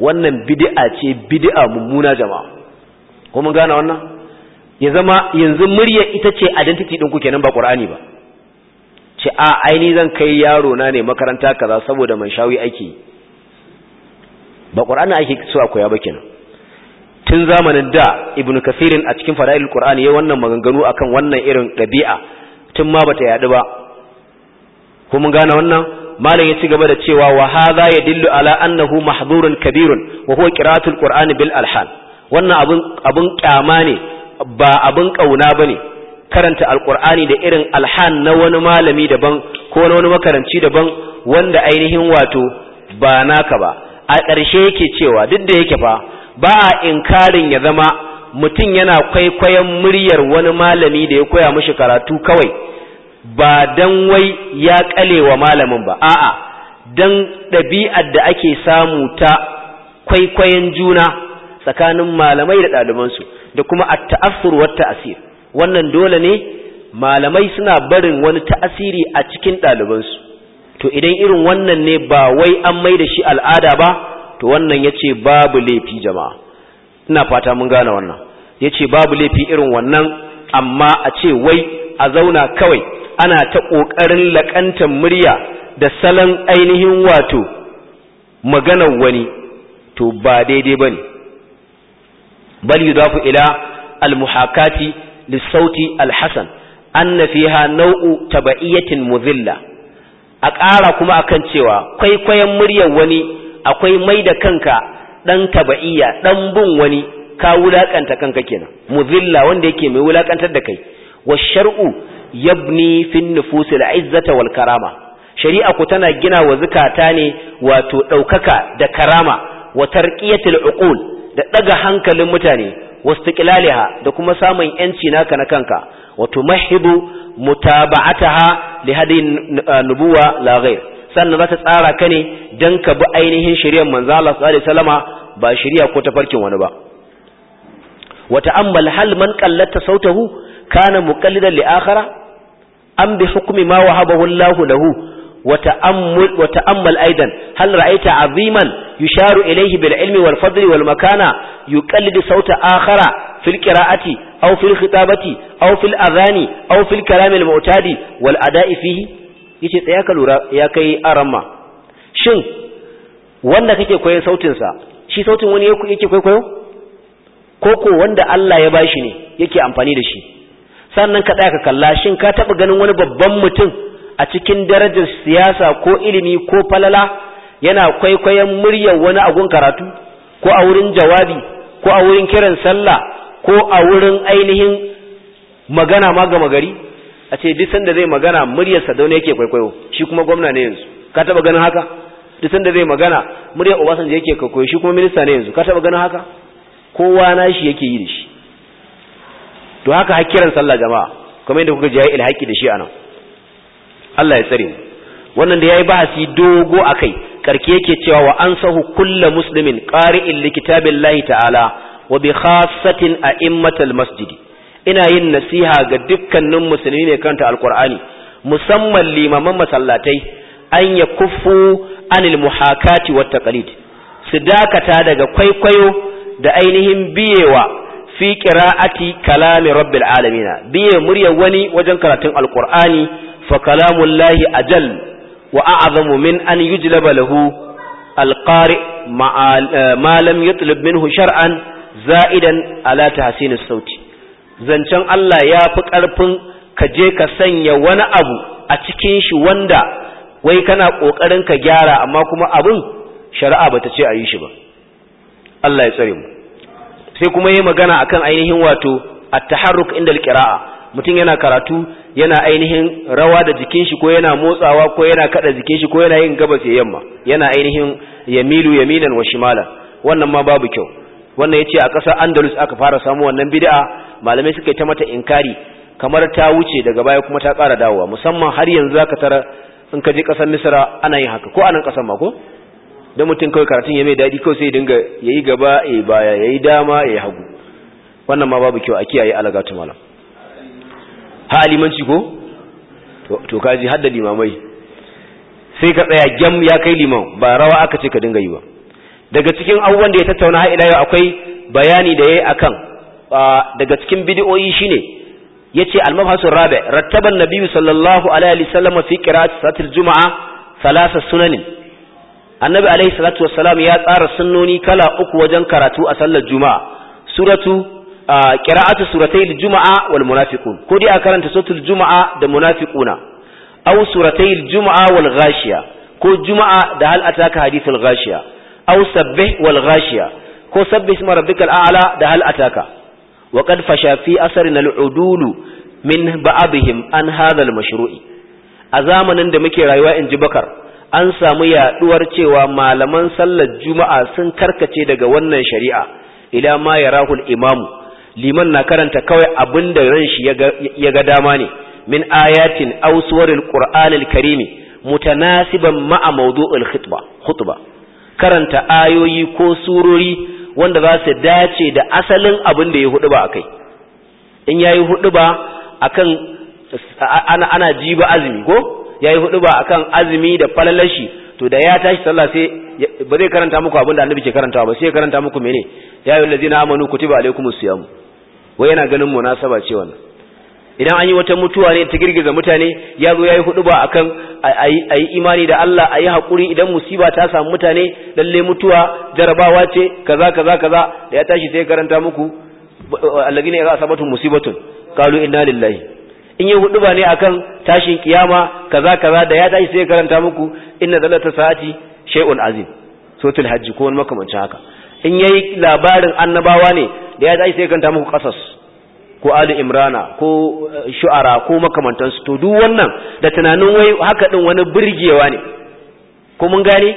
wannan bid'a ce bid'a mummuna jama'a ko mun gane wannan ya zama yanzu murya ita ce identity kuke kenan ba Qur'ani ba ce a aini zan kai yaro na ne makaranta kaza saboda man shawi ake ba qur'ani ake so a koya ba kenan tun zamanin da ibnu kasirin a cikin fara'il qur'ani ya wannan maganganu akan wannan irin dabi'a tun ma bata yadu ba ko mun gane wannan malam ya ci gaba da cewa wa hadha yadullu ala annahu mahdhurun kabirun wa huwa qira'atul qur'ani bil alhan wannan abun abun kyama ne ba abun kauna bane karanta alkur'ani da irin alhan na wani malami daban ko na wani makaranci daban wanda ainihin wato ba naka ba a ƙarshe yake cewa duk da yake fa ba a inkarin ya zama mutum yana kwaikwayon muryar wani malami da ya koya mishi karatu kawai ba dan wai ya wa malamin ba a'a dan ɗabi'ar da ake samu ta kwaikwayon juna tsakanin malamai da ɗalibansu da kuma at-ta'assur wa ta'asir wannan dole ne malamai suna barin wani ta'asiri a cikin ɗalibansu to idan irin wannan ne ba wai an mai da shi al'ada ba to wannan ya ce babu laifi jama'a ina fata mun gane wannan ya ce babu laifi irin wannan amma a ce wai a zauna kawai ana ta ƙoƙarin laƙantar murya da salon ainihin wato maganar wani to ba daidai ba ne bal yudafu ila almuhakati lissauti alhassan anna fiha nau'u taba'iyatin muzilla a ƙara kuma akan cewa kwaikwayon muryar wani akwai mai da kanka ɗan taba'iya ɗan bin wani ka wulaƙanta kanka kenan muzilla wanda yake mai wulaƙantar da kai wa shar'u yabni fin nufusil izzata wal karama shari'a ku tana gina wa zukata ne wato ɗaukaka da karama wa tarqiyatul uqul da ɗaga hankalin mutane wastiqlaliha da kuma samun yanci naka na kanka wa tumahidu mutaba'ataha li hadi nubuwa la ghair sannan zaka tsara ka ne dan ka bi ainihin shari'ar manzo Allah sallallahu ba shari'a ko tafarkin wani ba wata ta'ammal hal man qallata sautahu kana muqallidan li akhara am bi hukumi ma wahabahu Allah lahu وتأمل, وتأمل أيضا هل رأيت عظيما يشار إليه بالعلم والفضل والمكانة يقلد صوت آخر في القراءة أو في الخطابة أو في الأغاني أو في الكلام المعتاد والأداء فيه يتي يا كلورا يا كي أرما شن wanda kake koyon sautinsa shi sautin wani yake kwaikwayo koko wanda Allah ya bashi ne yake amfani da shi sannan ka tsaya ka kalla shin ka taɓa ganin wani babban mutum a cikin darajar siyasa ko ilimi ko falala yana kwaikwayon muryar wani abun karatu ko a wurin jawabi ko a wurin kiran sallah ko a wurin ainihin magana ma gama gari a ce duk sanda zai magana muryarsa da wani yake kwaikwayo shi kuma gwamna ne yanzu ka taba ganin haka duk sanda zai magana muryar obasanjo yake kwaikwayo shi kuma minista ne yanzu ka taba ganin haka kowa na shi yake yi da shi to haka har kiran sallah jama'a kamar yadda kuka ji ya ilhaki da shi anan Allah ya tsare mu wannan da yayi bahasi dogo akai karke yake cewa wa ansahu kullu muslimin qari'in li kitabillahi ta'ala wa bi khassatin a'immatal masjid ina yin nasiha ga dukkanin musulmi ne kanta alqur'ani musamman limaman masallatai an ya kufu anil muhakati wa taqlid su dakata daga kwaikwayo da ainihin biyewa fi qira'ati kalami rabbil alamin biye muryar wani wajen karatun alqur'ani fa الله ajal wa a'zamu min an له lahu ما لم يطلب منه شرعا زائدا za'idan تحسين الصوت sauti zancen Allah ya fi karfin ka je ka sanya wani abu a cikin shi wanda wai kana ƙoƙarin ka gyara amma kuma abun shari'a bata ce a yi shi ba Allah ya tsare mu sai kuma yi magana akan ainihin wato at-taharruk inda al mutum yana karatu yana ainihin rawa da jikin shi ko yana motsawa ko yana kada jikin shi ko yana yin gabas ya yamma yana ainihin yamilu yaminan wa shimala wannan ma babu kyau wannan yace a ƙasar Andalus aka fara samu wannan bid'a malamai suka yi ta mata inkari kamar ta wuce daga baya kuma ta ƙara dawowa musamman har yanzu zaka tara in ka je ƙasar Misra ana yin haka ko anan ƙasar ma ko dan mutum kawai karatun ya mai dadi kawai sai dinga yayi gaba eh baya yayi dama eh hagu wannan ma babu kyau a kiyaye alagatu malam ha limanci ko to kaji hadda limamai sai ka tsaya gyam ya kai liman ba rawa aka ce ka dinga yi ba daga cikin abubuwan da ya tattauna har ila yau akwai bayani da yayi akan daga cikin bid'o'i shine yace al-mabhasu rabi rattaba an-nabi sallallahu alaihi wasallam fi qira'ati salatil jumu'a thalatha sunanin annabi alaihi salatu wassalam ya tsara sunnoni kala uku wajen karatu a sallar juma'a suratu qira'atu suratayil juma'a wal munafiqun ko dai a karanta suratul juma'a da munafiquna aw suratayil juma'a wal ghashiya ko juma'a da hal ataka hadithul ghashiya aw sabbih wal ghashiya ko sabbih isma rabbikal a'la da hal ataka wa qad fasha fi asrina al udulu min ba'abihim an hadha al mashru'i a zamanin da muke rayuwa in bakar an samu yaduwar cewa malaman sallar juma'a sun karkace daga wannan shari'a ila ma yarahul imamu liman na karanta kawai abin da ran shi ya ga dama ne min ayatin aw suwaril qur'anil karimi mutanasiban ma'a mawdu'il khutba karanta ayoyi ko surori wanda za su dace da asalin abin da ya hudu ba akai in yayi hudu ba akan ana ana jiba azumi ko yayi hudu ba akan azumi da falalashi to da ya tashi sallah sai ba zai karanta muku abinda da annabi ke karantawa ba sai ya karanta muku mene ya ayyuhal lazina amanu kutiba alaikumus siyam wai yana ganin munasaba ce wannan idan an yi wata mutuwa ne ta girgiza mutane ya zo ya yi hudu ba akan kan a yi imani da Allah a yi haƙuri idan musiba ta samu mutane lalle mutuwa jarabawa ce kaza kaza kaza da ya tashi sai karanta muku allagina ya za a sabatun musibatun kalu inna lillahi in yi hudu ba ne akan tashin kiyama kaza kaza da ya tashi sai ya karanta muku inna zalata sa'ati shay'un azim sotul hajji ko wani makamancin haka in yayi labarin annabawa ne da ya tashi sai ya karanta muku qasas ko ali imrana ko eh, shu'ara ko makamantan su to duk wannan da tunanin wai haka din wani burgewa ne ko mun gane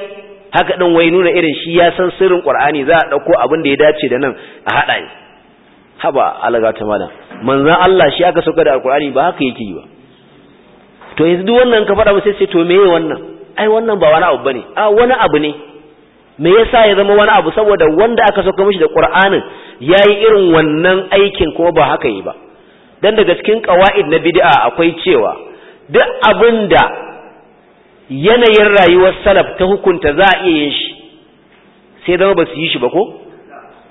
haka din wai nuna irin shi ya san sirrin qur'ani za a dauko abin da ya dace da nan a hada haba alaga ta mana manzan Allah shi aka sauka da alkur'ani ba haka yake yi ba to yanzu duk wannan ka faɗa sai sai to meye wannan ai wannan ba wani abu bane a wani abu ne me yasa ya zama wani abu saboda wanda aka sauka mishi da qur'anin yayi irin wannan aikin kuma ba haka yi ba dan daga cikin qawaid na bid'a akwai cewa duk abinda yanayin rayuwar salaf ta hukunta za a iya yin shi sai zama ba su yi shi ba ko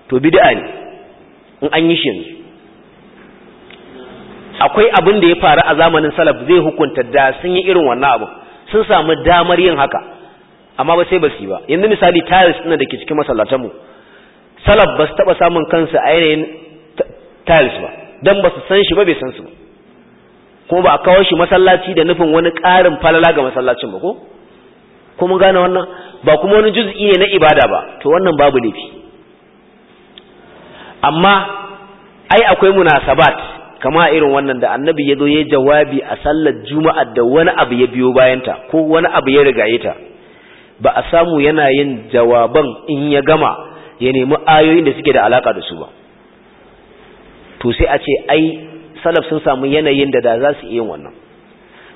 to bid'a ne in an yi shi yanzu akwai abin da ya faru a zamanin salaf zai hukunta da sun yi irin wannan abu sun samu damar yin haka amma ba sai ba su yi ba yanzu misali tiles ɗin da ke cikin masallatanmu salaf ba su taɓa samun kansu a yanayin tiles ba don ba su san shi ba bai san su ba ko ba a kawo shi masallaci da nufin wani ƙarin falala ga masallacin ba ko kuma gane wannan ba kuma wani juz'i ne na ibada ba to wannan babu laifi amma ai akwai munasabat kama irin wannan da annabi ya zo ya jawabi a sallar juma'a da wani abu ya biyo bayanta ko wani abu ya rigaye ta ba a samu yana yin jawaban in ya gama ya nemi ayoyin da suke da alaka da su ba to sai a ce ai salaf sun samu yanayin da da za su iya wannan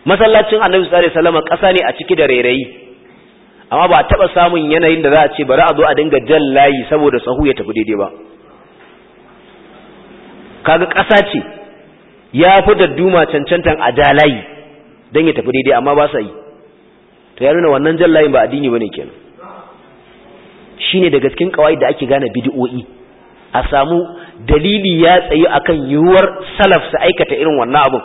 masallacin annabi sallallahu alaihi wasallam ƙasa ne a ciki da rairayi amma ba a taɓa samun yanayin da za a ce bari a zo a dinga jan layi saboda sahu ya tafi daidai ba kaga ƙasa ce ya fi da duma cancantan a dalayi don ya tafi daidai amma ba sa yi to ya nuna wannan jan layin ba addini ba ne kenan shi ne daga cikin kawai da ake gane bidi'o'i a samu dalili ya tsayi kan yiwuwar salaf su aikata irin wannan abin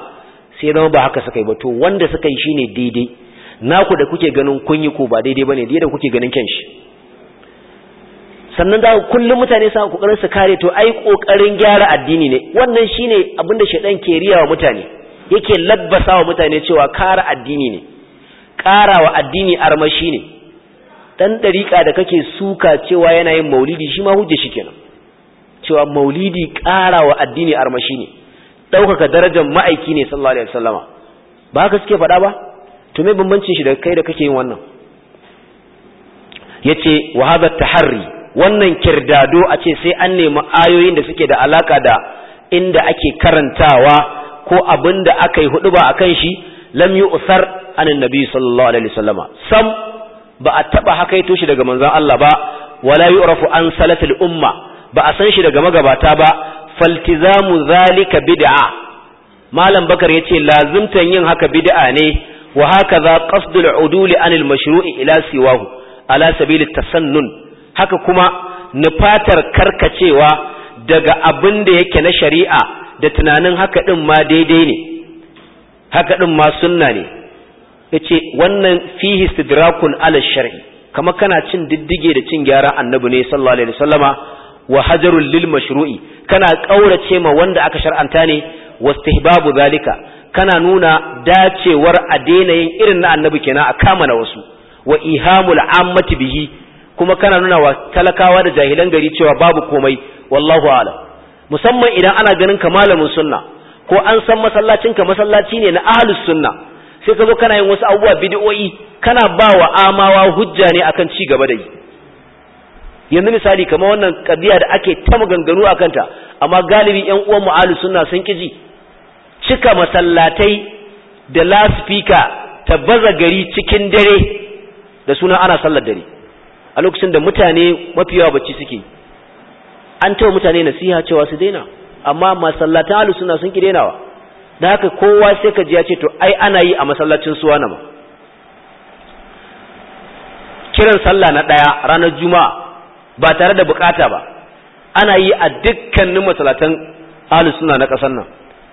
sai zama ba haka suka yi ba to wanda suka yi shi ne daidai naku da kuke ganin kun yi ko ba daidai ba daidai da kuke ganin kyan shi sannan da kullum mutane sa kokarin su kare to ai kokarin gyara addini ne wannan shine abinda da shedan ke riyawa mutane yake labbasa wa mutane cewa kara addini ne karawa addini armashi ne dan dariƙa da kake suka cewa yana yin maulidi shi ma hujja shi kenan cewa maulidi karawa addini armashi ne ɗaukaka darajar ma'aiki ne sallallahu alaihi wasallama ba haka suke faɗa ba to me bambancin shi da kai da kake yin wannan yace wa hadha taharri wannan kirdado a ce sai an nemi ayoyin da suke da alaka da inda ake karantawa ko abin da aka yi hudu ba a kan shi lam yi usar anin nabi sallallahu alaihi wasallama sam ba a taba haka yato shi daga manzon Allah ba wala yu'rafu an salatul umma ba a san shi daga magabata ba faltizamu zalika bid'a malam bakar yace lazimtan yin haka bid'a ne wa hakaza qasdul 'uduli anil mashru'i ila siwahu ala sabilit tasannun haka kuma nufatar karkacewa daga abin da yake na shari'a da tunanin haka ɗin ma daidai ne haka ɗin ma sunna ne ya ce wannan fihi sidrakun ala shari'i kama kana cin diddige da cin gyara annabi ne sallallahu alaihi wasallama wa hajarul lil mashru'i kana kaurace ma wanda aka shar'anta ne wastihbabu zalika kana nuna dacewar a daina yin irin na annabi kenan a kama na wasu wa ihamul ammati bihi kuma kana nuna wa talakawa da jahilan gari cewa babu komai wallahu ala musamman idan ana ganin ka malamin sunna ko an san masallacin ka masallaci ne na ahlus sunna sai ka zo kana yin wasu abubuwa bid'o'i kana ba wa amawa hujja ne akan ci gaba da yi yanzu misali kamar wannan kabiya da ake ta maganganu akan ta amma galibi yan uwan mu ahlus sunna sun kiji cika masallatai da lasfika ta baza gari cikin dare da sunan ana sallar dare a lokacin da mutane mafi yawa bacci suke an tawa mutane nasiha cewa su daina amma masallatan alu suna sun ki dainawa da haka kowa sai ka ji ya ce to ai ana yi a masallacin na ma kiran sallah na ɗaya ranar juma'a ba tare da bukata ba ana yi a dukkanin masallatan alu suna na ƙasar nan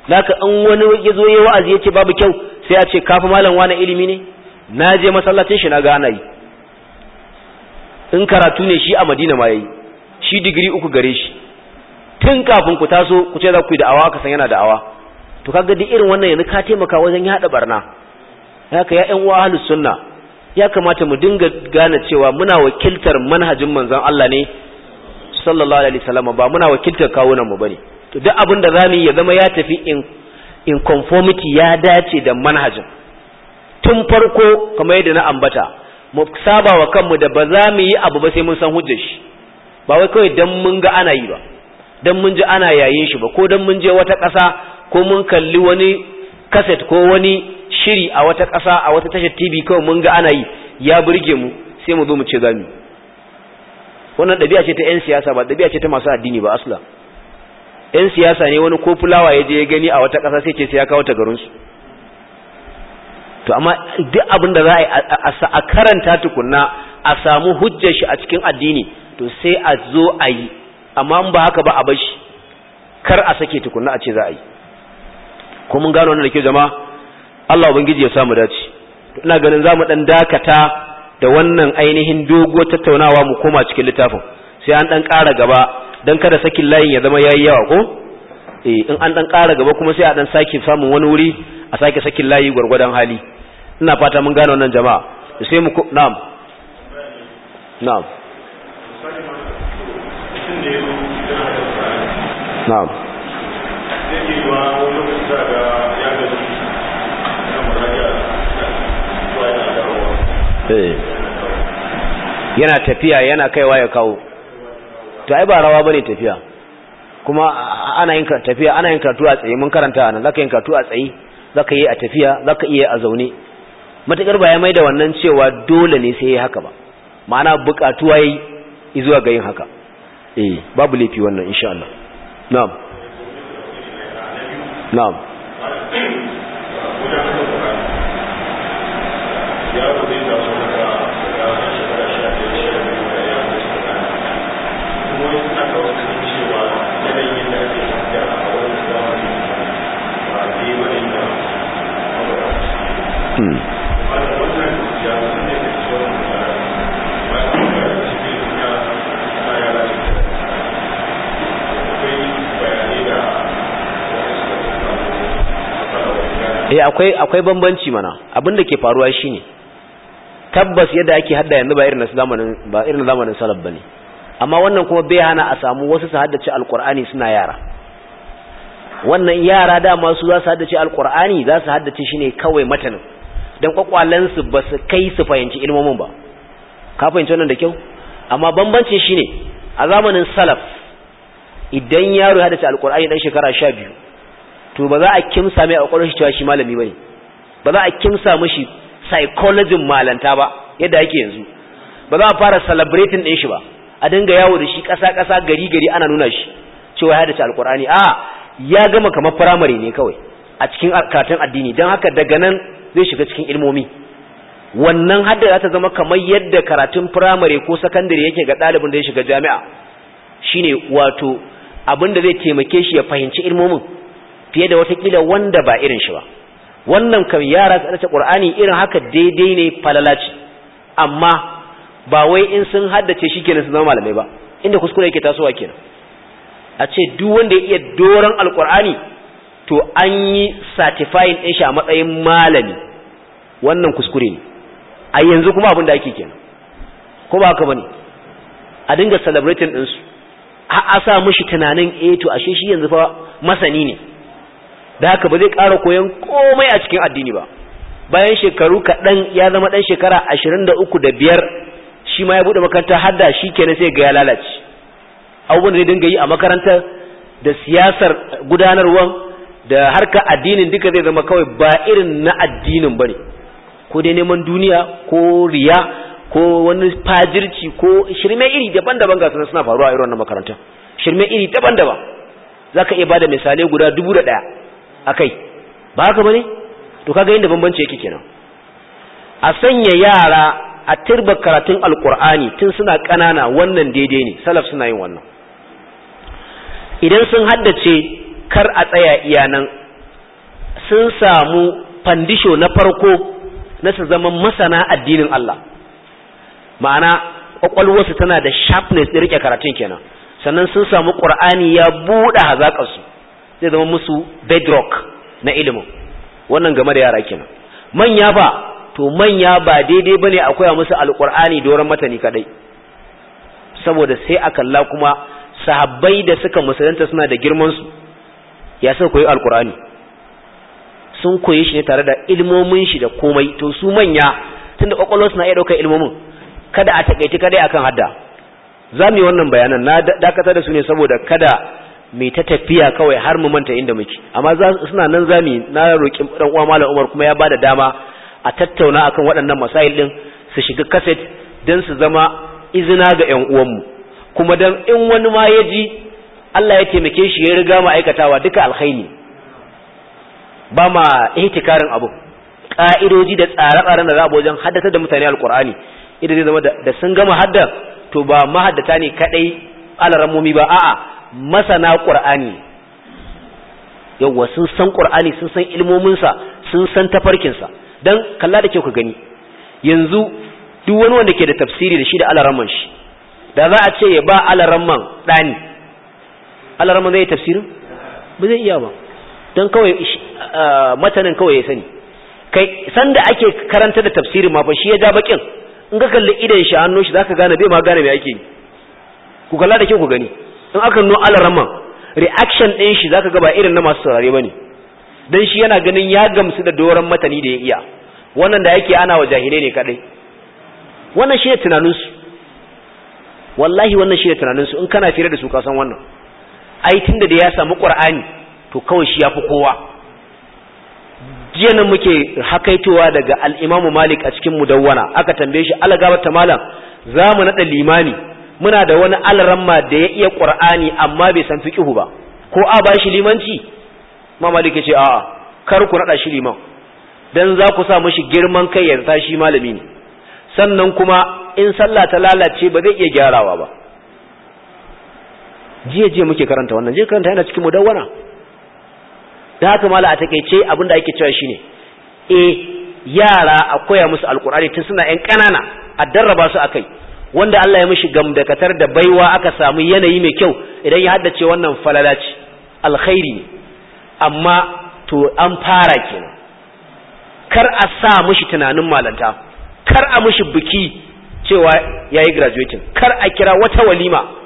haka an wani ya zo ya wa'azi ya ce babu kyau sai ya ce kafa malam wani ilimi ne na je masallacin shi na ga ana yi in karatu ne shi a madina ma yayi shi digiri uku gare shi tun kafin ku taso ku ce za ku yi da'awa ka san yana awa to kaga duk irin wannan yanzu ka taimaka wajen yada barna haka ya ƴan uwa ahli sunna ya kamata mu dinga gane cewa muna wakiltar manhajin manzon Allah ne sallallahu alaihi wasallam ba muna wakiltar kawunan mu bane to duk abin da zamu yi ya zama ya tafi in in conformity ya dace da manhajin tun farko kamar yadda na ambata mu saba wa kanmu da ba za mu yi abu ba sai mun san hujjar shi ba wai kawai dan mun ga ana yi ba dan mun ji ana yayin shi ba ko dan mun je wata ƙasa ko mun kalli wani kaset ko wani shiri a wata ƙasa a wata tashar TV kawai mun ga ana yi ya burge mu sai mu zo mu ce zamu wannan ɗabi'a ce ta 'yan siyasa ba ɗabi'a ce ta masu addini ba asla 'yan siyasa ne wani ko fulawa ya je ya gani a wata ƙasa sai ce sai ya kawo ta garinsu to amma duk abin da za a a karanta tukunna a samu hujjar shi a cikin addini to sai a zo a yi amma ba haka ba a bar shi kar a sake tukunna a ce za a yi ko mun gano wannan da ke jama'a Allah ubangiji ya samu dace ina ganin za mu dan dakata da wannan ainihin doguwar tattaunawa mu koma cikin littafin sai an dan ƙara gaba dan kada sakin layin ya zama yayi yawa ko eh in an dan ƙara gaba kuma sai a dan sake samun wani wuri a sake sakin layi gwargwadon hali ina fata mun gano nan jama'a sai mu na'am na'am na'am eh. yana tafiya yana kaiwa ya kawo to ai ba rawa bane tafiya kuma ana yin tafiya ana yin karatu a tsaye mun karanta anan zaka yin karatu a tsaye zaka yi a tafiya zaka iya a zaune matakar ba ya mai da wannan cewa dole ne sai ya haka ba ma'ana bukatuwa yi zuwa ga yin haka eh babu laifi wannan insha na'am na'am Hmm. eh akwai akwai bambanci mana abin da ke faruwa shine tabbas yadda ake hadda yanzu ba irin na zamanin ba irin zamanin salaf bane amma wannan kuma bai hana a samu wasu su haddace alqur'ani suna yara wannan yara dama su za su haddace alqur'ani za su haddace shine kawai matanin dan kwakwalansu ba su kai su fahimci ilmomin ba ka fahimci wannan da kyau amma bambancin shi ne. a zamanin salaf idan yaro ya dace alkur'ani dan shekara 12 to ba za a kimsa mai alkur'ani shi cewa shi malami bane ba za a kimsa mishi psychology malanta ba yadda yake yanzu ba za a fara celebrating din shi ba a dinga yawo da shi kasa kasa gari gari ana nuna shi cewa ya dace alkur'ani a ya gama kamar primary ne kawai a cikin karatun addini don haka daga nan zai shiga cikin ilmomi wannan hadda za ta zama kamar yadda karatun firamare ko sakandare yake ga ɗalibin da ya shiga jami'a shine wato abin da zai taimake shi ya fahimci ilmomin fiye da watakila wanda ba irin shi ba wannan kan yara su ɗace ƙur'ani irin haka daidai ne falalaci amma ba wai in sun haddace shi kenan su zama malamai ba inda kuskure yake tasowa kenan a ce duk wanda ya iya doron alƙur'ani to an yi certifying ɗin shi a matsayin malami wannan kuskure ne a yanzu kuma abin da ake kenan ko ba haka bane a dinga celebrating din su a sa mishi tunanin eh to ashe shi yanzu fa masani ne da haka ba zai ƙara koyon komai a cikin addini ba bayan shekaru kaɗan ya zama ɗan shekara ashirin da uku da biyar shi ma ya buɗe makaranta har da shi kenan sai ga ya lalace abubuwan da zai dinga yi a makarantar da siyasar gudanarwar da harka addinin duka zai zama kawai ba irin na addinin bane ko dai neman duniya ko riya ko wani fajirci ko shirme iri daban-daban ga suna faruwa a irin wannan makarantar shirme iri daban-daban zaka iya ba da misalai guda dubu da ɗaya akai ba haka bane to kaga inda bambanci yake kenan a sanya yara a turba karatun alkur'ani tun suna ƙanana wannan daidai ne salaf suna yin wannan idan sun haddace kar a tsaya iya nan sun samu fandisho na farko na su zama masana addinin Allah ma'ana kwakwalwarsu tana da sharpness da rike karatun kenan sannan sun samu qur'ani ya buɗe su zai zama musu bedrock na ilimin wannan game da yara kenan manya ba to manya ba daidai bane a koya musu alqur'ani doron matani kaɗai saboda sai a kalla kuma sahabbai da suka musulunta suna da girman su ya sa koyi alkur'ani sun koyi shi ne tare da ilmomin shi da komai to su manya tunda kwakwalwar na iya ɗaukar ilmomin kada a kada a akan hadda za mu yi wannan bayanan na dakatar da su ne saboda kada mai ta tafiya kawai har mu manta inda muke amma suna nan yi na roƙi dan uwa malam Umar kuma ya bada dama a tattauna akan waɗannan masail din su shiga kaset dan su zama izina ga ƴan uwanmu kuma dan in wani ma ya ji Allah ya taimake shi ya riga mu duka alkhairi ba ma ihtikarin abu ka'idoji da tsare-tsaren da za wajen haddata da mutane alkur'ani idan zai zama da sun gama haddar to ba mahaddata ne kadai alaramomi ba a'a masana qur'ani yawwa sun san qur'ani sun san ilmominsa sun san tafarkinsa dan kalla da kyau ka gani yanzu duk wani wanda ke da tafsiri da shi da alaramman shi da za a ce ya ba alaramman ɗani Allah rama zai tafsirin ba zai iya ba don kawai matanin kawai ya sani kai sanda ake karanta da tafsirin ma fa shi ya ja bakin in ka kalli idan shi hannun shi zaka gane bai ma gane me ake yi ku kalla da kyau ku gani in aka nuno Allah rama reaction din shi zaka ga ba irin na masu saurare bane dan shi yana ganin ya gamsu da doran matani da ya iya wannan da yake ana wa jahilai ne kadai wannan shi ne tunaninsu wallahi wannan shi ne tunaninsu in kana fira da su ka san wannan ai tunda da ya samu qur'ani to kawai shi yafi kowa jiya muke hakaitowa daga al-imamu malik a cikin mudawwana aka tambaye shi algaba malam za mu nada limani muna da wani al-ramma da ya iya qur'ani amma bai san fiqhu ba ko a ba shi limanci ma malik yace a'a kar ku nada shi liman dan za ku sa mishi girman kai ya shi malami ne sannan kuma in sallah ta lalace ba zai iya gyarawa ba jiya jiya muke karanta wannan jiya karanta yana cikin mudawwana da haka mala a abin da ake cewa shine eh yara a koya musu alkur'ani tun suna yan ƙanana a darraba su a kai wanda Allah ya mishi gamdakatar da baiwa aka samu yanayi mai kyau idan ya haddace wannan falala ce alkhairi ne amma to an fara kenan kar a sa mushi tunanin malanta kar a mushi biki cewa yayi graduating kar a kira wata walima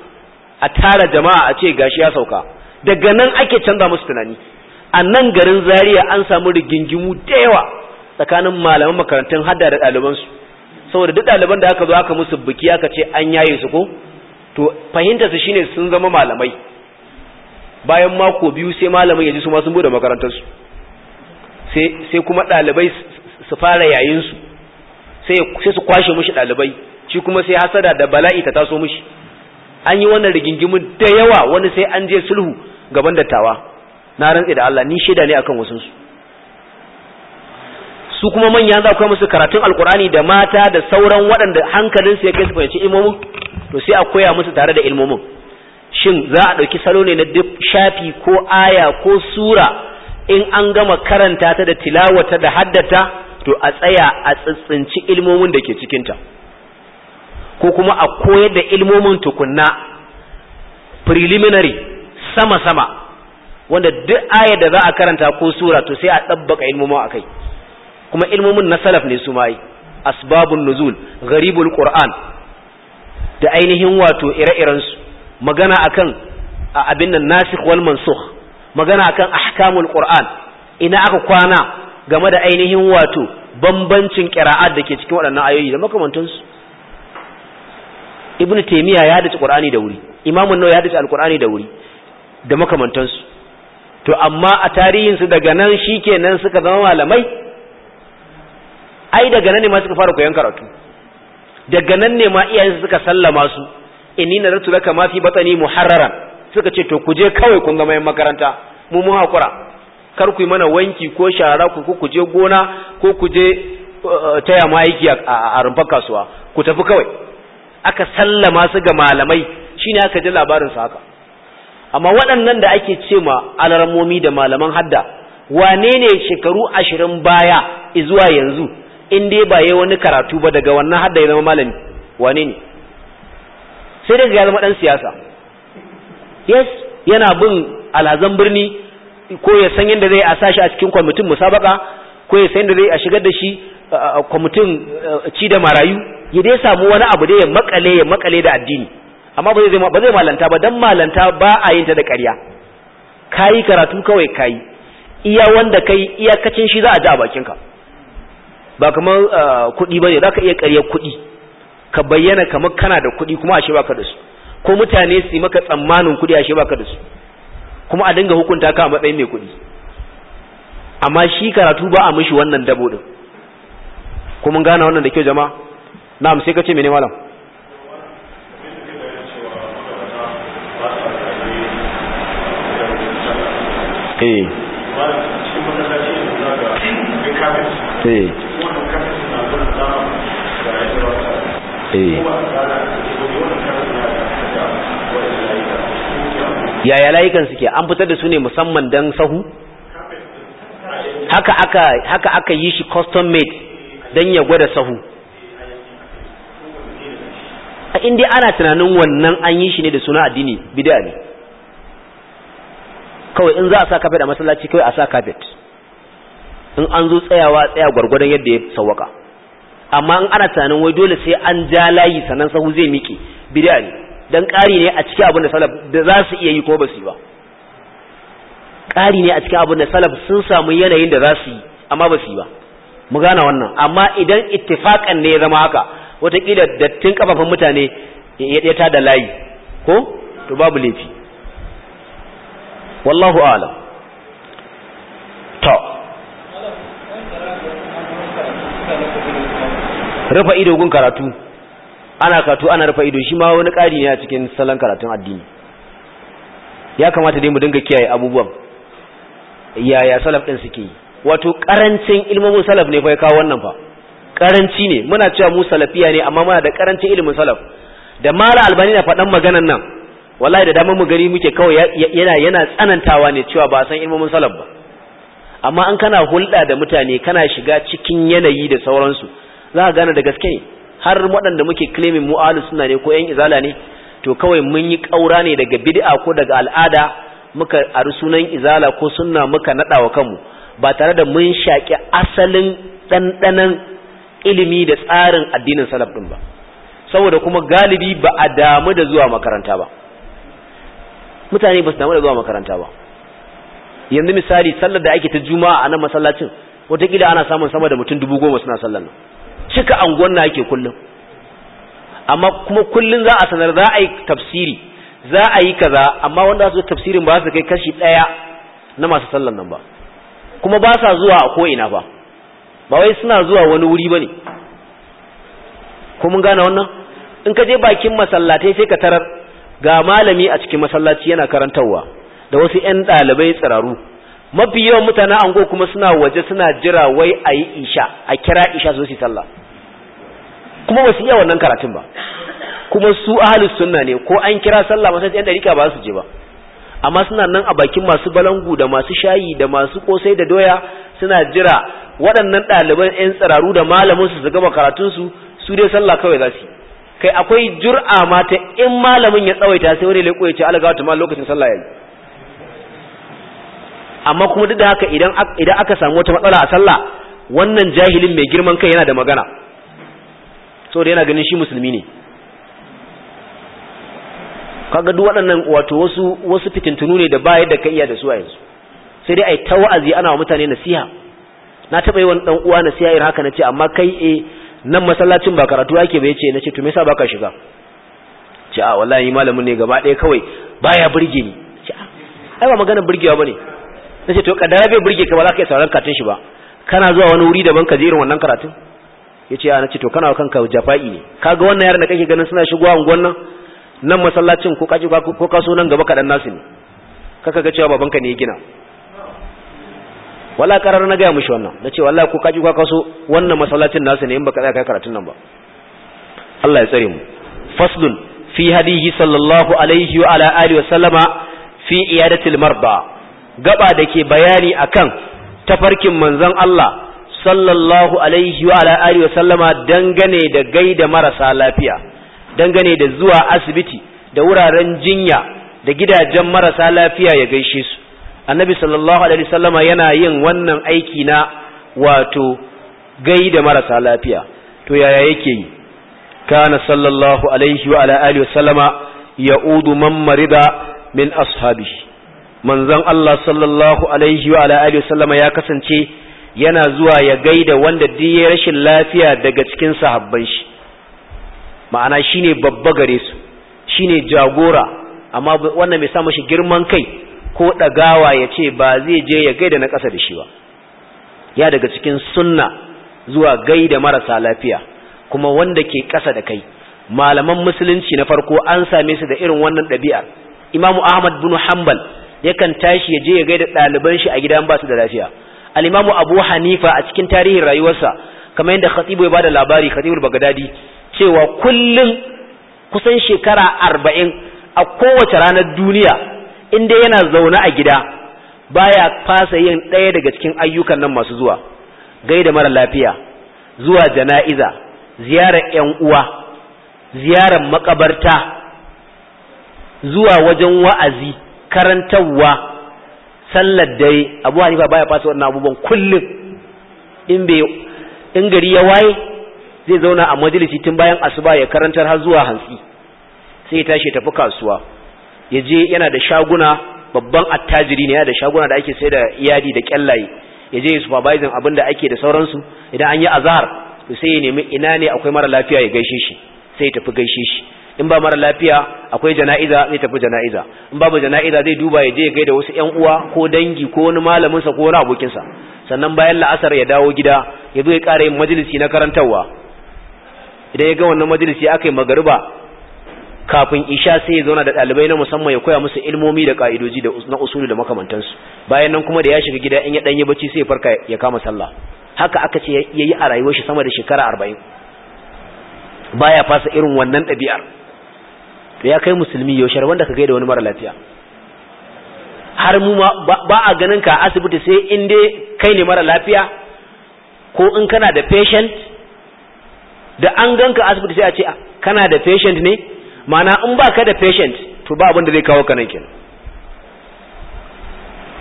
a tara jama'a a ce gashi ya sauka daga nan ake canza musu tunani a nan garin zaria an samu rigingimu da yawa tsakanin malaman makarantun hada da ɗalibansu saboda duk ɗaliban da aka zo aka musu biki aka ce an yaye su ko to fahimta su shine sun zama malamai bayan mako biyu sai malamin ya ji su ma sun bude makarantarsu sai kuma ɗalibai su fara yayinsu sai su kwashe mushi ɗalibai shi kuma sai hasada da bala'i ta taso mushi an yi wannan rigingimin da yawa wani sai an je sulhu gaban dattawa na rantsi da Allah ni shaida ne akan wasu su su kuma manya za ku musu karatun alkurani da mata da sauran waɗanda hankalinsu ya kai su fahimci ilmomin to sai a koya musu tare da ilmomin shin za a ɗauki salo ne na duk shafi ko aya ko sura in an gama karanta ta da tilawata da haddata to a tsaya a tsitsinci ilmomin da ke cikinta ko kuma a koyar da ilmomin tukunna preliminary sama-sama wanda duk ayar da za a karanta ko sura to sai a ɗabbaka ilmomin a kai kuma ilmomin na salaf ne su asbabun nuzul gharibul qur'an da ainihin wato ire-irensu magana akan abin nan nasikh wal mansukh magana akan ahkamul qur'an ina aka kwana game da ainihin wato bambancin qira'at ke cikin waɗannan ayoyi da makamantansu ibnu taymiya ya hadace qur'ani da wuri imamun nawawi ya hadace alqur'ani da wuri da makamantansu to amma a tarihinsu daga nan shikenan suka zama malamai ai daga nan ne ma suka fara koyon karatu daga nan ne ma iyayensu suka sallama su inni nadartu laka ma fi batani muharrara suka ce to kuje kawai kun ga mai makaranta mu mu hakura kar ku mana wanki ko shara ku ku kuje gona ko kuje eh, taya ma aiki a rumfar kasuwa ku tafi kawai aka sallama su ga malamai shine aka ji labarin su haka amma waɗannan da ake ce ma alarmomi da malaman hadda wane ne shekaru ashirin baya zuwa yanzu in dai ba yi wani karatu ba daga wannan hadda ya zama malami wane ne sai daga ya dan ɗan siyasa yes yana bin alhazan birni ko ya san yadda zai a sashi a cikin kwamitin musabaka ko ya san yadda zai a shigar da shi kwamitin ci da marayu ya dai samu wani abu dai ya makale ya makale da addini amma ba zai ba zai malanta ba dan malanta ba a yin ta da ƙarya kai karatu kawai kai iya wanda kai kacin shi za a ji a bakinka ba kamar ah, kuɗi ba ne za ka iya ƙarya kuɗi ka bayyana kamar kana da kuɗi kuma a shi baka da su ko mutane su yi maka tsammanin kuɗi a shi baka da su kuma a dinga hukunta ka a matsayin mai kuɗi amma shi karatu ba a mishi wannan dabo din kuma gane wannan da kyau jama'a na'am sai ka ce mene malam eh. Eh. Eh. yaya layukan suke an fitar da su ne musamman don sahu haka aka yi shi custom made dan ya gwada sahu in dai ana tunanin wannan an yi shi ne da suna addini bid'a ne kawai in za a sa kafet a masallaci kawai a sa kafet in an zo tsayawa tsaya gwargwadon yadda ya sawaka amma in ana tunanin wai dole sai an ja layi sannan sahu zai miƙe bid'a ne dan ƙari ne a cikin abin da salaf da za su iya yi ko ba su yi ba ƙari ne a cikin abin da salaf sun samu yanayin da za su yi amma ba su yi ba mu gane wannan amma idan ittifaqan ne ya zama haka watakila dattin kafafun mutane ya ta da layi ko to babu laifi wallahu alam ta rufa ido gun karatu ana karatu ana rufa ido shi ma wani ƙari ne a cikin salon karatun addini ya kamata dai mu dinga kiyaye abubuwan yaya salaf ɗin suke yi wato ƙarancin ilmomin salaf ne fa ya kawo wannan fa karanci ne muna cewa mu salafiya ne amma muna da karancin ilimin salaf da mala albani na faɗan maganan nan wallahi da dama mu gari muke kawai yana yana tsanantawa ne cewa ba san ilimin salaf ba amma an kana hulɗa da mutane kana shiga cikin yanayi da sauransu za ka gane da gaske har waɗanda muke kilimin mu ahlus sunna ne ko yan izala ne to kawai mun yi ƙaura ne daga bid'a ko daga al'ada muka ari sunan izala ko sunna muka naɗa wa kanmu ba tare da mun shaƙi asalin ɗanɗanan ilimi da tsarin addinin salaf din ba saboda kuma galibi ba a damu da zuwa makaranta ba mutane ba su damu da zuwa makaranta ba yanzu misali sallar da ake ta juma'a a nan masallacin wataƙila ana samun sama da mutum dubu goma suna sallar nan cika anguwan na ake kullum amma kuma kullum za a sanar za a yi tafsiri za a yi kaza amma wanda su tafsirin ba su kai kashi ɗaya na masu sallar nan ba kuma ba sa zuwa a ko ina ba ba wai suna zuwa wani wuri bane ko mun gane wannan in ka je bakin masallatai sai ka tarar ga malami a cikin masallaci yana karantarwa da wasu 'yan ɗalibai tsiraru mafi yawan mutane ango kuma suna waje suna jira wai a yi isha a kira isha su sallah kuma ba su iya wannan karatun ba kuma su ahalus sunna ne ko an kira sallah masu yan dariƙa ba su je ba amma suna nan a bakin masu balangu da masu shayi da masu kosai da doya suna jira waɗannan ɗaliban 'yan tsararu da malamin su gama karatun su su dai sallah kawai za su kai akwai jur'a ma ta in malamin ya tsawaita sai wani leƙo ya ce alaga wata lokacin sallah yayi amma kuma duk da haka idan idan aka samu wata matsala a sallah wannan jahilin mai girman kai yana da magana da yana ganin shi musulmi ne kaga duk waɗannan wato wasu wasu fitintunu ne da ba yadda ka iya da su a yanzu sai dai ai tawazi wa'azi ana wa mutane nasiha na taɓa yi wani dan uwa nasiha irin haka nace amma kai eh nan masallacin ba karatu ake ba yace nace to me yasa baka shiga ce a ah, wallahi malamin ne gaba ɗaya kawai baya burge ni ce ah, ai ba magana burgewa bane nace to kadara bai burge ka ba za ka yi sauran katin shi ba kana zuwa wani wuri daban ka je irin wannan karatun yace a ah, nace to kana kanka jafa'i ne kaga wannan yaran da kake ganin suna shigowa unguwan nan nan masallacin ko kaji ko kaso nan gaba kadan nasu ne kaka ga cewa babanka ne ya gina wala karar na gaya mushi wannan na ce wallahi ko kaji kwa kaso wannan masallacin nasu ne in baka tsaya kai karatun nan ba Allah ya tsare mu faslun fi hadihi sallallahu alaihi wa ala alihi wa sallama fi iyadatil marba gaba dake bayani akan tafarkin manzon Allah sallallahu alaihi wa ala alihi wa sallama dangane da gaida marasa lafiya dangane da zuwa asibiti da wuraren jinya da gidajen marasa lafiya ya gaishe su annabi sallallahu alaihi wasallama yana yin wannan aiki na wato gai da marasa lafiya to yaya yake yi kana sallallahu alaihi wa ala alihi wasallama ya'udu man marida min ashabi manzon Allah sallallahu alaihi wa ala alihi wasallama ya kasance yana zuwa ya gaida wanda duk ya rashin lafiya daga cikin sahabban shi ma'ana shine babba gare su shine jagora amma wannan bai sa mashi girman kai ko ɗagawa ya ce ba zai je ya gaida na ƙasa da shi ba ya daga cikin sunna zuwa gaida marasa lafiya kuma wanda ke ƙasa da kai malaman musulunci na farko an same su da irin wannan ɗabi'ar imamu ahmad bin hanbal yakan tashi ya je ya gaida ɗaliban shi a gidan ba su da lafiya al'imamu abu hanifa a cikin tarihin rayuwarsa kamar yadda khatibu ya bada labari khatibul bagdadi cewa kullun kusan shekara arba'in a kowace ranar duniya in dai yana zaune a gida baya fasa yin ɗaya daga cikin ayyukan nan masu zuwa gaida mara lafiya zuwa jana'iza ziyarar yan uwa ziyarar makabarta zuwa wajen wa'azi karantarwa sallar dare abu hanifa baya fasa wannan abubuwan kullum in bai in gari ya waye zai zauna a majalisi tun bayan asuba ya karantar har zuwa hantsi sai ya tashi tafi kasuwa ya je yana da shaguna babban attajiri ne yana da shaguna da ake sai da iyadi da kyallaye ya je supervising abin da ake da sauransu idan an yi azar to sai ya nemi ina ne akwai mara lafiya ya gaishe shi sai ya tafi gaishe shi in ba mara lafiya akwai jana'iza zai tafi jana'iza in babu jana'iza zai duba ya je ya gaida wasu yan uwa ko dangi ko wani malamin sa ko wani abokin sa sannan bayan la'asar ya dawo gida ya zo ya ƙara yin majalisi na karantarwa idan ya ga wannan majalisi aka yi magariba kafin isha sai ya zauna da ɗalibai na musamman ya koya musu ilmomi da ka'idoji da na usulu da makamantansu bayan nan kuma da ya shiga gida in ya danyi bacci sai ya farka ya kama sallah haka aka ce ya yi a rayuwar shi sama da shekara arba'in baya fasa irin wannan ɗabi'ar da ya kai musulmi yaushe wanda ka gaida wani mara lafiya har mu ba a ganin ka asibiti sai in dai kai ne mara lafiya ko in kana da patient da an ganka asibiti sai a ce ah, kana da patient ne mana in ba ka da patient to ba abin da zai kawo ka nan kin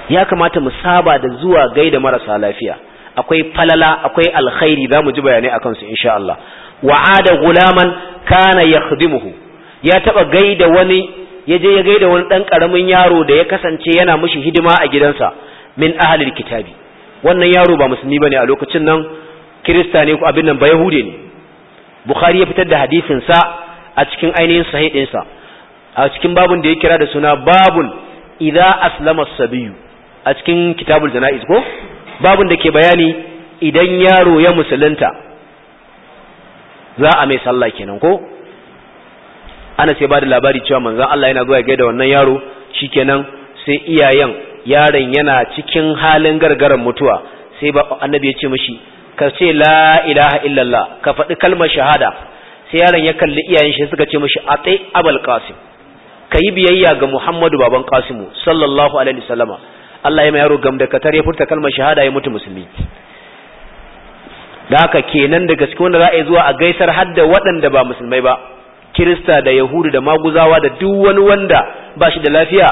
ya kamata mu saba da zuwa gaida marasa lafiya akwai falala akwai alkhairi za mu ji bayanai akan su insha Allah wa'ada gulaman kana yakhdimuhu ya taba gaida wani ya je ya gaida wani dan karamin yaro da ya kasance yana mishi hidima a gidansa min ahlil kitabi wannan yaro ba musulmi bane a lokacin nan kirista ne ko abin nan ba ne bukhari ya fitar da hadisin sa a cikin ainihin sahihinsa a cikin babun da ya kira da suna babun idza aslama sabiyu a cikin kitabul janaiz ko babun da ke bayani idan yaro ya musulunta za a mai sallah kenan ko ana sai ba da labari cewa manzon Allah yana zuwa gaida wannan yaro shikenan sai iyayen yaron yana cikin halin gargaran mutuwa sai ba annabi ya ce mishi ka ce la ilaha illallah ka faɗi kalmar shahada sai yaron ya kalli iyayen shi suka ce mishi atai abal qasim kai biyayya ga muhammadu baban qasimu sallallahu alaihi wasallama Allah ya mai yaro gam da katar furta kalmar shahada ya mutu musulmi da haka kenan da gaske wanda za a yi zuwa a gaisar hadda waɗanda ba musulmai ba kirista da yahudu da maguzawa da duk wani wanda ba shi da lafiya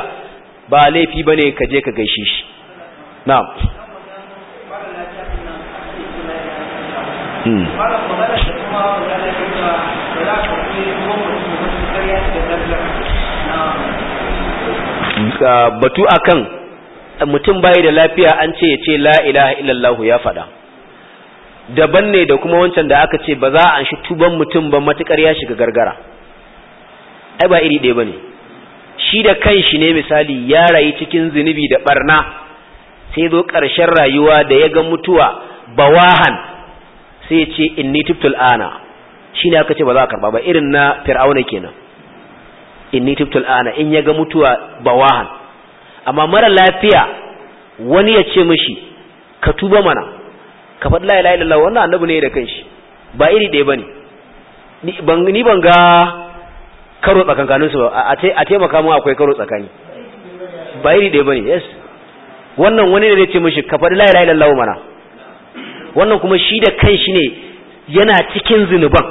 ba laifi ba ne ka je ka gaishe shi na'am hmm. batu akan mutum bai da lafiya an ce ya ce la ilaha illallah ya faɗa daban ne da kuma wancan da aka ce ba za a shi tuban mutum ba matukar ya shiga gargara ai ba iri ɗaya bane shi da kan shi ne misali ya rayu cikin zunubi da barna sai zo ƙarshen rayuwa da ya ga mutuwa bawahan sai ya ce inni tubtul ana ne aka ce ba za a karba ba irin na fir'auna kenan inni tubtul ana in ya ga mutuwa bawahan amma mara lafiya wani ya ce mishi ka tuba mana ka faɗi la ilaha illallah wannan annabi ne da kanshi ba iri ɗaya bane ni ban ga karo tsakankanin su ba a taimaka mu akwai karo tsakani ba iri ɗaya bane yes wannan wani ne da ce mishi ka faɗi la ilaha illallah mana wannan kuma shi da kanshi ne yana cikin zinuban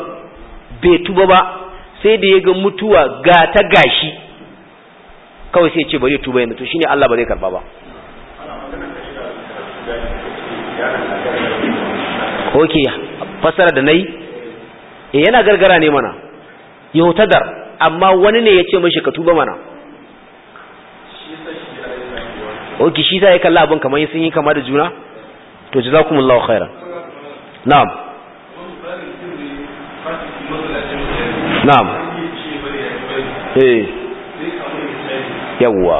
bai tuba ba sai da ya ga mutuwa ga ta gashi kawai sai ce bari tuba yanzu to shine Allah ba zai karba ba ok fasara da nayi e yana gargara ne mana yautadar amma wani ne ya ce mashi ka tuba mana ok shi sa ya kalla abin kamar sun yi kama da juna to za jazakumullahu khairan na'am na'am eh yawwa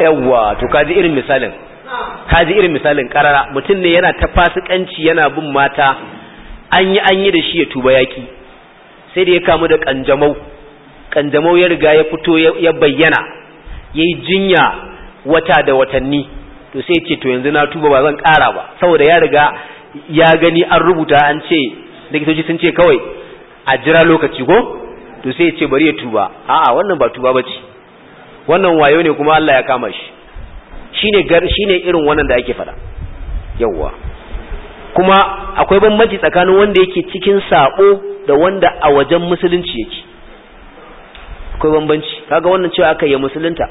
yawwa to kaji irin misalin kaji irin misalin karara mutum ne yana ta fasikanci yana bin mata an yi an yi da shi ya tuba yaki sai da ya kamu da kanjamau kanjamau ya riga ya fito ya bayyana ya yi jinya wata da watanni to sai ce to yanzu na tuba ba zan ƙara ba saboda ya riga ya gani an rubuta an ce likitoci sun ce kawai a jira lokaci ko to sai ce bari ya tuba a'a wannan ba tuba bace wannan wayo ne kuma Allah ya kama shi shine gar shine irin wannan da ake fada yawa kuma akwai bambanci tsakanin wanda yake cikin sabo da wanda a wajen musulunci yake akwai bambanci kaga wannan cewa aka yi musulunta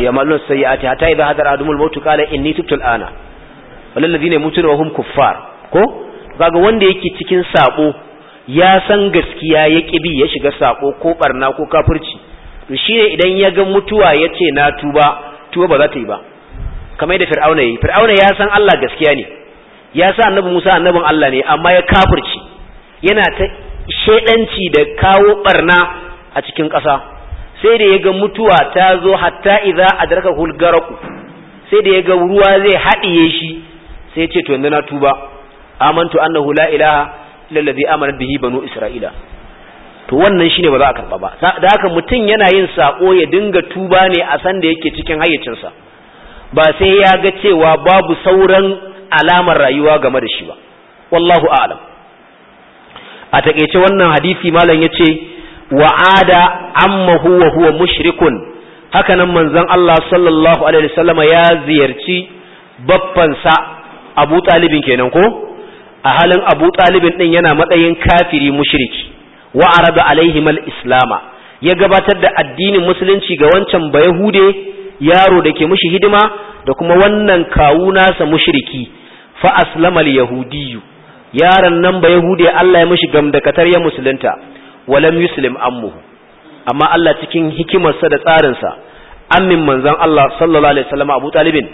yamalun sayyi'ati hatta idha hadara adumul mautu qala inni tubtu al'ana wal ladina yamutuna wa hum kuffar ko kaga wanda yake cikin sako ya san gaskiya ya kibi ya shiga sako ko barna ko kafirci to shine idan ya ga mutuwa yace na tuba tuba ba za ta yi ba kamar da fir'auna yi, fir'auna ya san Allah gaskiya ne ya sa annabi Musa annabin Allah ne amma ya kafirci yana ta shedanci da kawo barna a cikin ƙasa sai da ya ga mutuwa ta zo hatta idza adraka hulgaraku sai da yaga ruwa zai haɗiye shi sai ce to yanzu na tuba amantu annahu la ilaha illa allazi bihi banu isra'ila to wannan shine ba za a karba ba da haka mutum yana yin sako ya dinga tuba ne a san da yake cikin hayyacinsa ba sai ya ga cewa babu sauran alamar rayuwa game da shi ba wallahu a'lam a takeice wannan hadisi malam ya ce. wa'ada ammahu wa huwa mushrikun hakanan manzon Allah sallallahu alaihi wasallama ya ziyarci baffansa Abu Talibin kenan ko a halin Abu Talibin ɗin yana matsayin kafiri mushriki wa arada alaihimal islama ya gabatar da addinin musulunci ga wancan bayahude yaro da ke mushi hidima da kuma wannan kawu nasa mushriki fa aslama al-yahudiyyu yaron nan bayahude Allah ya mushi gamdakatar ya musulunta walam yuslim ammuhu amma Allah cikin hikimarsa da tsarinsa ammin manzon Allah sallallahu alaihi wasallam Abu Talibin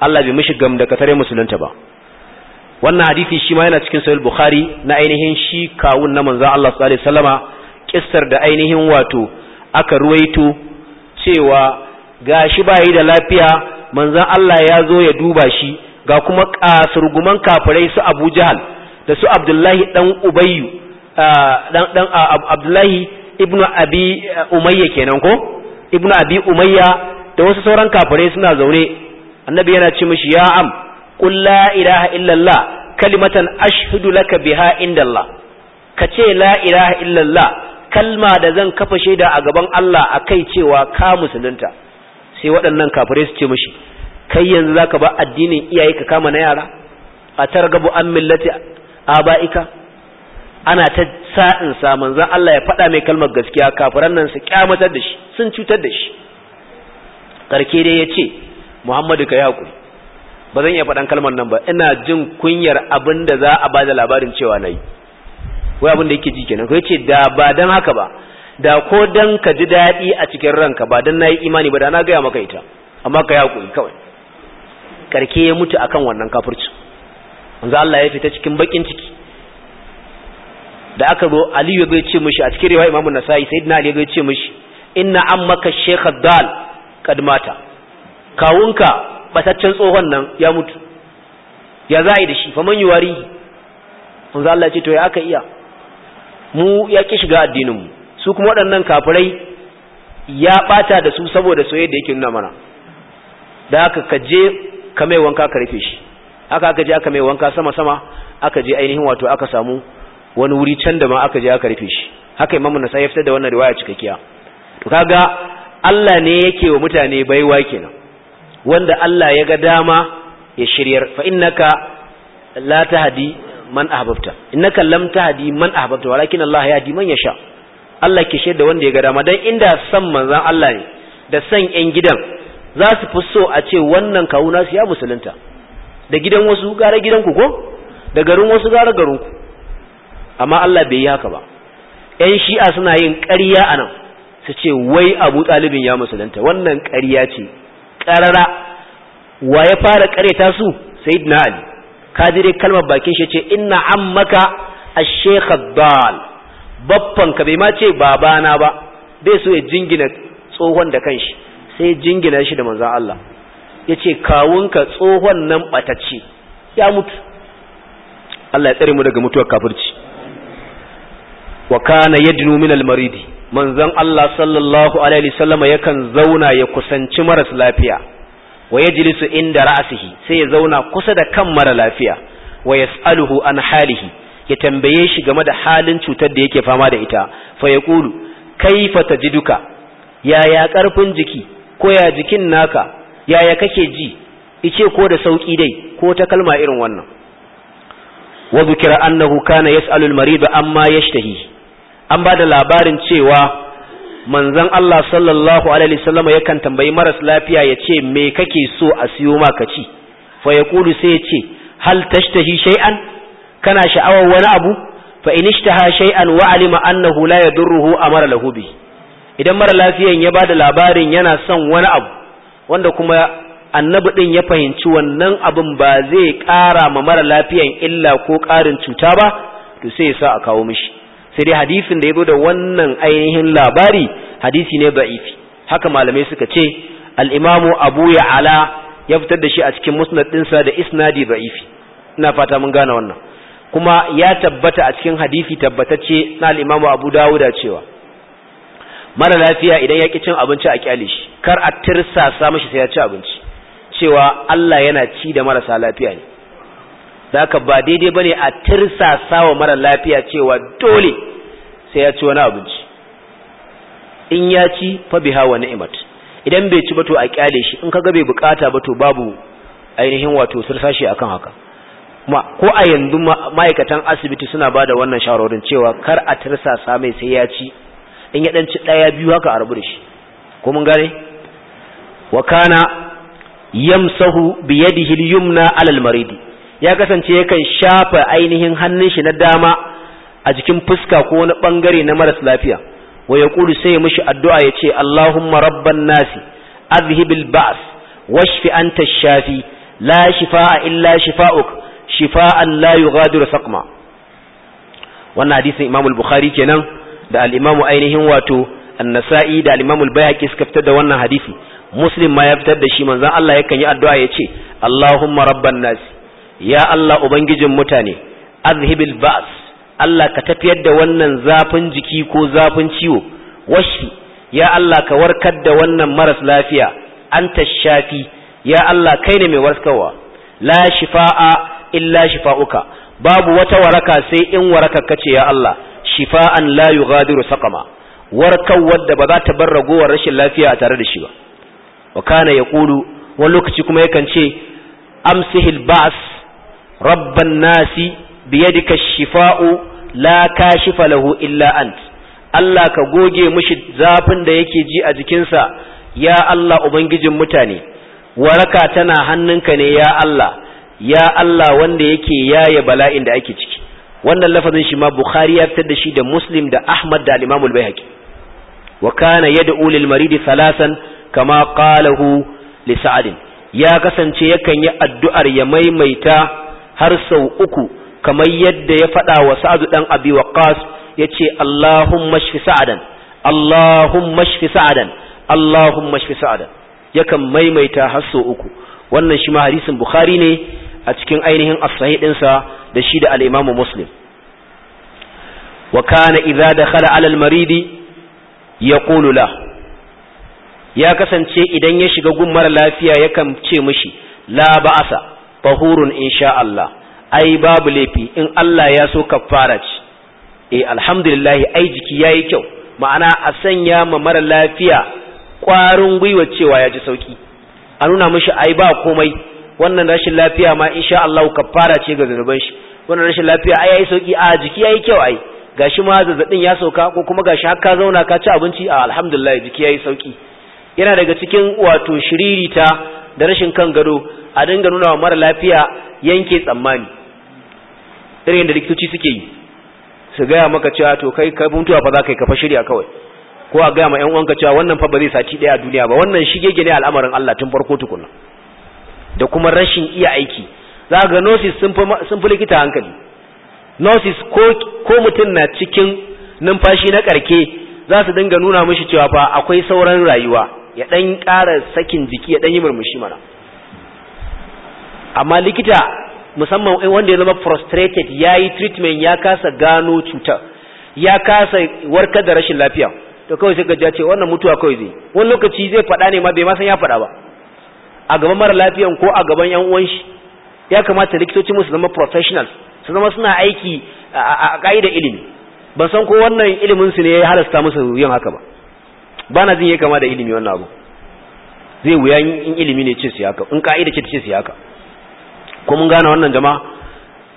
Allah bai mishi gam da katare musulunta ba wannan hadisi shi ma yana cikin sahih Bukhari na ainihin shi kawun na manzon Allah sallallahu alaihi wasallama kissar da ainihin wato aka ruwaito cewa gashi bayi da lafiya manzon Allah ya zo ya duba shi ga kuma kasurguman kafirai su Abu Jahal da su Abdullahi dan Ubayyu dan abdullahi ibnu abi eh, umayya kenan ko ibnu abi umayya da wasu sauran kafirai suna zaune annabi yana ce mishi ya am qul la ilaha allah kalimatan ashhadu laka biha allah ka ce la ilaha illallah kalma da zan kafa shaida a gaban Allah akai cewa ka musulunta sai waɗannan kafirai su ce mishi kai yanzu zaka ba addinin iyaye ka kama na yara a targabu an millati abaika ana ta sa'in sa manzon Allah ya faɗa mai kalmar gaskiya kafiran nan su kyamatar da shi sun cutar da shi karke dai yace Muhammadu ka hakuri ba zan iya faɗan kalmar nan ba ina jin kunyar abin da za a bada labarin cewa nayi wai abin da yake ji kenan ko yace da ba dan haka ba da ko dan ka ji daɗi a cikin ranka ba na yi imani ba da na gaya maka ita amma ka hakuri kawai karke ya mutu akan wannan kafirci manzo Allah ya fita cikin bakin ciki da aka zo aliyu zai ce mishi a cikin riwaya imamu nasa'i sayyidina ali zai ce mishi inna ammaka shaykh dal kad mata kawunka bataccen tsohon nan ya mutu ya za'i da shi faman yuwari manzo Allah ce to ya aka iya mu ya ki shiga addinin mu su kuma waɗannan kafirai ya bata da su saboda soyayya da yake nuna mana da haka ka je ka mai wanka ka rufe shi aka aka je aka mai wanka sama sama aka je ainihin wato aka samu wani wuri can da ma aka je aka rufe shi haka imamu nasai ya fitar da wannan riwaya cikakkiya to kaga Allah ne yake wa mutane baiwa kenan wanda Allah ya ga dama ya shiryar fa innaka la tahdi man ahbabta innaka lam tahdi man ahbabta walakin Allah yahdi man yasha Allah ke shaida wanda ya ga dama dan inda san manzon Allah ne da san yan gidan za su fi so a ce wannan kawuna su ya musulunta da gidan wasu gara gidan ku ko da garin wasu gara garin ku amma Allah bai yi haka ba ƴan shi'a suna yin ƙarya a nan su ce wai abu ɗalibin ya musulunta wannan ƙarya ce ƙarara wa ya fara ƙareta su na ali kadire kalmar bakin shi ce ina an maka a baffan dal babban ka bai ma ce babana ba bai so ya jingina tsohon da kanshi sai jingina shi da manzan Allah ya ce kawunka tsohon nan batace ya mutu Allah ya tsare mu daga mutuwar kafirci wa kana yadnu min al manzon Allah sallallahu alaihi wasallam yakan zauna ya kusanci maras lafiya wa yajlisu inda ra'sihi sai ya zauna kusa da kan mara lafiya wa yas'aluhu an halihi ya tambaye shi game da halin cutar da yake fama da ita fa yaqulu kaifa tajiduka yaya karfin jiki ko ya jikin naka yaya kake ji ice ko da sauki dai ko ta kalma irin wannan wa zikira annahu kana yas'alu al amma yashtahi an ba da labarin cewa manzan Allah sallallahu alaihi wasallam yakan tambayi maras lafiya ya ce me kake so a siyo maka ci fa ya Kulu sai ya ce hal tashtahi shay'an kana sha'awar wani abu fa in ishtaha shay'an wa alima annahu la yadurruhu amara lahu bi idan mara lafiyan ya bada labarin yana son wani abu wanda kuma annabi din ya fahimci wannan abin ba zai ƙara ma mara lafiyan illa ko ƙarin cuta ba to sai ya sa a kawo mishi sai dai hadisin da ya zo da wannan ainihin labari hadisi ne da'ifi haka malamai suka ce al'imamu abu ya ala ya fitar da shi a cikin musnad ɗinsa da isnadi da'ifi ina fata mun gane wannan kuma ya tabbata a cikin hadisi tabbatacce na al'imamu abu dawuda cewa mara lafiya idan ya ki cin abinci a kyale shi kar a tirsasa mashi sai ya ci abinci cewa Allah yana ci da marasa lafiya ne da haka ba daidai ba ne a tirsasa wa mara lafiya cewa dole sai ya ci wani abinci in ya ci fa biha wa ni'mat idan bai ci ba to a kyale shi in kaga bai bukata ba to babu ainihin wato sirsashi akan haka ma ko a yanzu ma'aikatan asibiti suna bada wannan shawarorin cewa kar a tirsasa mai sai ya ci in ya dan ci daya biyu haka a da shi ko mun gane wa kana yamsahu biyadihi al-yumna 'ala al-maridi ya kasance yakan shafa ainihin hannun shi na dama a jikin fuska ko wani bangare na maras lafiya wa ya kulu sai ya mishi addu'a ya ce Allahumma rabban nasi azhibil ba'as washfi anta shafi la shifa'a illa shifa'uk shifa'an la yughadiru saqma wannan hadisin Imam al-Bukhari kenan da al-Imam ainihin wato An-Nasa'i da al-Imam al-Bayhaqi suka fitar da wannan hadisi Muslim ma ya fitar da shi manzon Allah yakan yi addu'a ya ce Allahumma rabban nasi ya Allah ubangijin mutane azhibil ba's Allah ka tafiyar da wannan zafin jiki ko zafin ciwo washi ya Allah ka warkar da wannan maras lafiya anta shafi ya Allah kai ne mai warkarwa la shifa'a illa shifa'uka babu wata waraka sai in warakar kace ya Allah shifa'an la yughadiru saqama warkar wadda ba za ta bar ragowar rashin lafiya a tare da shi ba Wakana ya yaqulu wani lokaci kuma yakan ce amsihil ba's rabban nasi biyadika shifa'u la kashifa lahu illa ant Allah ka goge mushi zafin da yake ji a jikinsa ya Allah ubangijin mutane waraka tana hannunka ne ya Allah ya Allah wanda yake yaye bala'in da ake ciki wannan lafazin shi Bukhari ya fitar da shi da Muslim da Ahmad da Imam al-Baihaqi wa kana yad'u lil marid salasan kama qalahu li Sa'd ya kasance yakan yi addu'ar ya maimaita har sau uku kamar yadda ya faɗa wa sa'adu ɗan abi ƙas ya ce Allahumma shfi sa'adan Allahumma shfi sa'adan Allahumma shfi sa'adan yakan maimaita har sau uku wannan shi ma hadisin bukhari ne a cikin ainihin as ɗinsa da shi da al muslim wa kana idza dakhala ala al-maridi ya la ya kasance idan ya shiga gun mara lafiya yakan ce mishi la ba'asa tahurun insha Allah ai babu laifi in Allah ya so kafara ce eh alhamdulillah ai jiki yayi kyau ma'ana a sanya ma mara lafiya kwarin gwiwa cewa ya ji sauki a nuna mishi ai ba komai wannan rashin lafiya ma insha Allah kafara ce ga zanuban shi wannan rashin lafiya ai yayi sauki a jiki yayi kyau ai gashi ma zazzabin ya sauka ko kuma gashi har ka zauna ka ci abinci a alhamdulillah jiki yayi sauki yana daga cikin wato shiririta da rashin kan gado a dinga nuna wa mara lafiya yanke tsammani irin da likitoci suke yi su gaya maka cewa to kai ka mutuwa fa za ka yi kafa shirya kawai ko a gaya ma yan uwanka cewa wannan fa ba zai sati daya a duniya ba wannan shige ne al'amarin Allah tun farko tukuna da kuma rashin iya aiki za ga nurses sun fi likita hankali nurses ko mutum na cikin numfashi na karke za su dinga nuna mishi cewa fa akwai sauran rayuwa ya dan ƙara sakin jiki ya dan yi murmushi mana amma likita musamman wanda ya zama frustrated ya yi treatment ya kasa gano cuta ya kasa warkar da rashin lafiya to kawai sai gajiya ce wannan mutuwa kawai zai wani lokaci zai faɗa ne ma bai ma ya faɗa ba a gaban mara lafiyan ko a gaban yan uwan shi ya kamata likitoci mu su zama professionals su zama suna aiki a ka'idar ilimi ban san ko wannan ilimin su ne ya halasta musu yin haka ba ba na yi ya kama da ilimi wannan abu zai wuya in ilimi ne ce su haka in ka'ida ce ce su haka ko mun gane wannan jama'a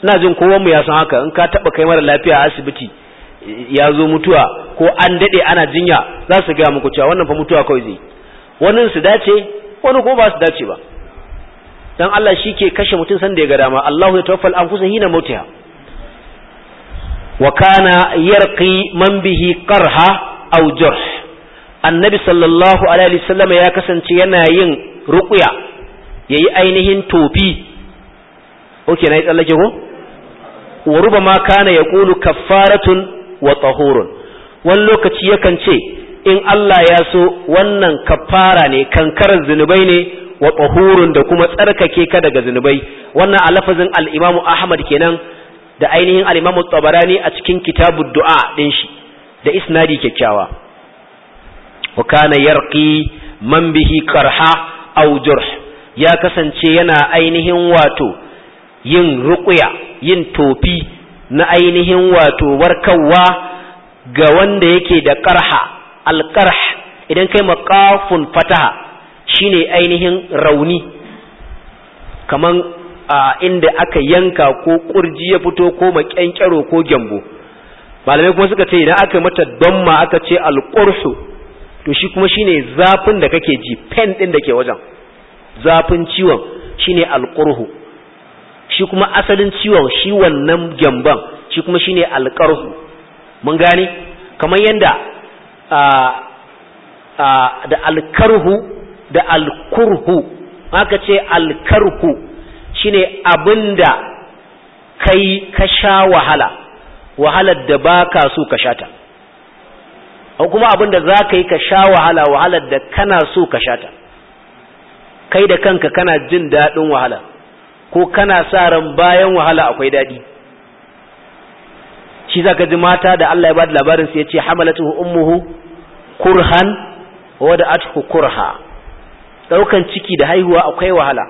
ina jin kowanmu ya san haka in ka taba kai mara lafiya a asibiti ya zo mutuwa ko an dade ana jinya za su gaya muku cewa wannan fa mutuwa kawai zai wani su dace wani ko ba su dace ba dan Allah shi ke kashe mutum san da ya ga dama Allahu ya tawaffal anfusa hina mautiha wa kana yarqi man bihi qarha aw jurh annabi sallallahu alaihi wasallam ya kasance yana yin ruqya yayi ainihin tofi okay na yi tsallake ko wa ma kana yaqulu kaffaratun wa tahurun wani lokaci yakan ce in Allah ya so wannan kaffara ne kankarar zunubai ne wa tahurun da kuma tsarkake ka daga zunubai wannan a lafazin al'imamu Ahmad kenan da ainihin al'imamu tsabarani a cikin kitabu du'a din shi da isnadi kyakkyawa wa kana yarki man bihi karha aw jurh ya kasance yana ainihin wato yin ruƙuya yin tofi na ainihin wato warkarwa ga wanda yake da ƙarha alƙarh idan kai makafun fataha shine ainihin rauni kaman inda aka yanka ko ƙurji ya fito ko maƙyanƙyaro ko gyambo malamai kuma suka ce idan aka mata damma aka ce alƙursu to shi kuma shine zafin da kake ji pen ɗin da ke wajen zafin ciwon shine alƙurhu shi kuma asalin ciwon shi wannan gyamban shi kuma shi ne alƙarhu mun gane kamar yadda da alƙarhu da alƙurhu aka ce alƙarhu alkarhu shine abinda kai ka sha wahala wahalar da baka so ka shata ko kuma abinda za ka yi ka sha wahala wahalar da kana so ka shata kai da kanka kana jin daɗin wahala ko kana sa ran bayan wahala akwai daɗi shi za ka ji mata da Allah ya bada labarin su ya ce hamalatu ummuhu kurhan wa da atku kurha daukan ciki da haihuwa akwai wahala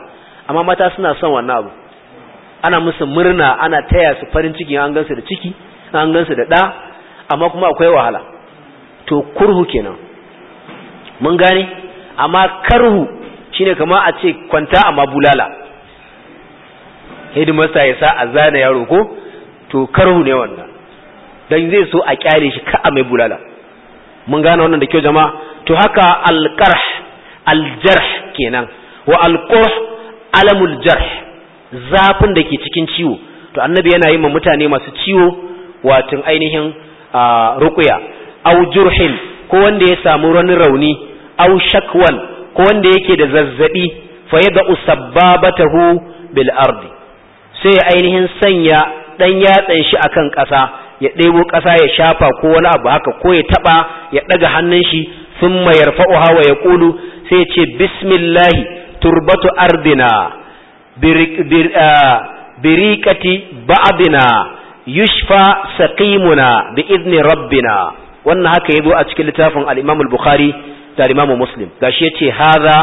amma mata suna son wannan abu ana musu murna ana taya su farin ciki an gansu da ciki an gansu da ɗa amma kuma akwai wahala to kurhu kenan mun gane amma karhu shine kamar a ce kwanta amma bulala Hidimasta ya sa a zana yaro ko to karhu ne wannan dan zai so a kyale shi ka mai bulala mun gane wannan da kyau jama'a to haka alqarh aljarh kenan wa alqurh alamul jarh zafin da ke cikin ciwo to annabi yana yi ma mutane masu ciwo watin ainihin ruqya au jurhin ko wanda ya samu wani rauni au shakwan ko wanda yake da zazzabi fa yada sabbabatahu bil ardi sai ya ainihin sanya ɗan yatsan shi akan ƙasa ya ɗebo ƙasa ya shafa ko wani abu haka ko ya taɓa ya ɗaga hannun shi sun mayar fa'uha wa ya ƙulu sai ya ce bismillahi turbatu ardina birikati ba'adina yushfa saqimuna bi izni rabbina wannan haka zo a cikin littafin al-Imam al-Bukhari da Imam Muslim gashi yace hadha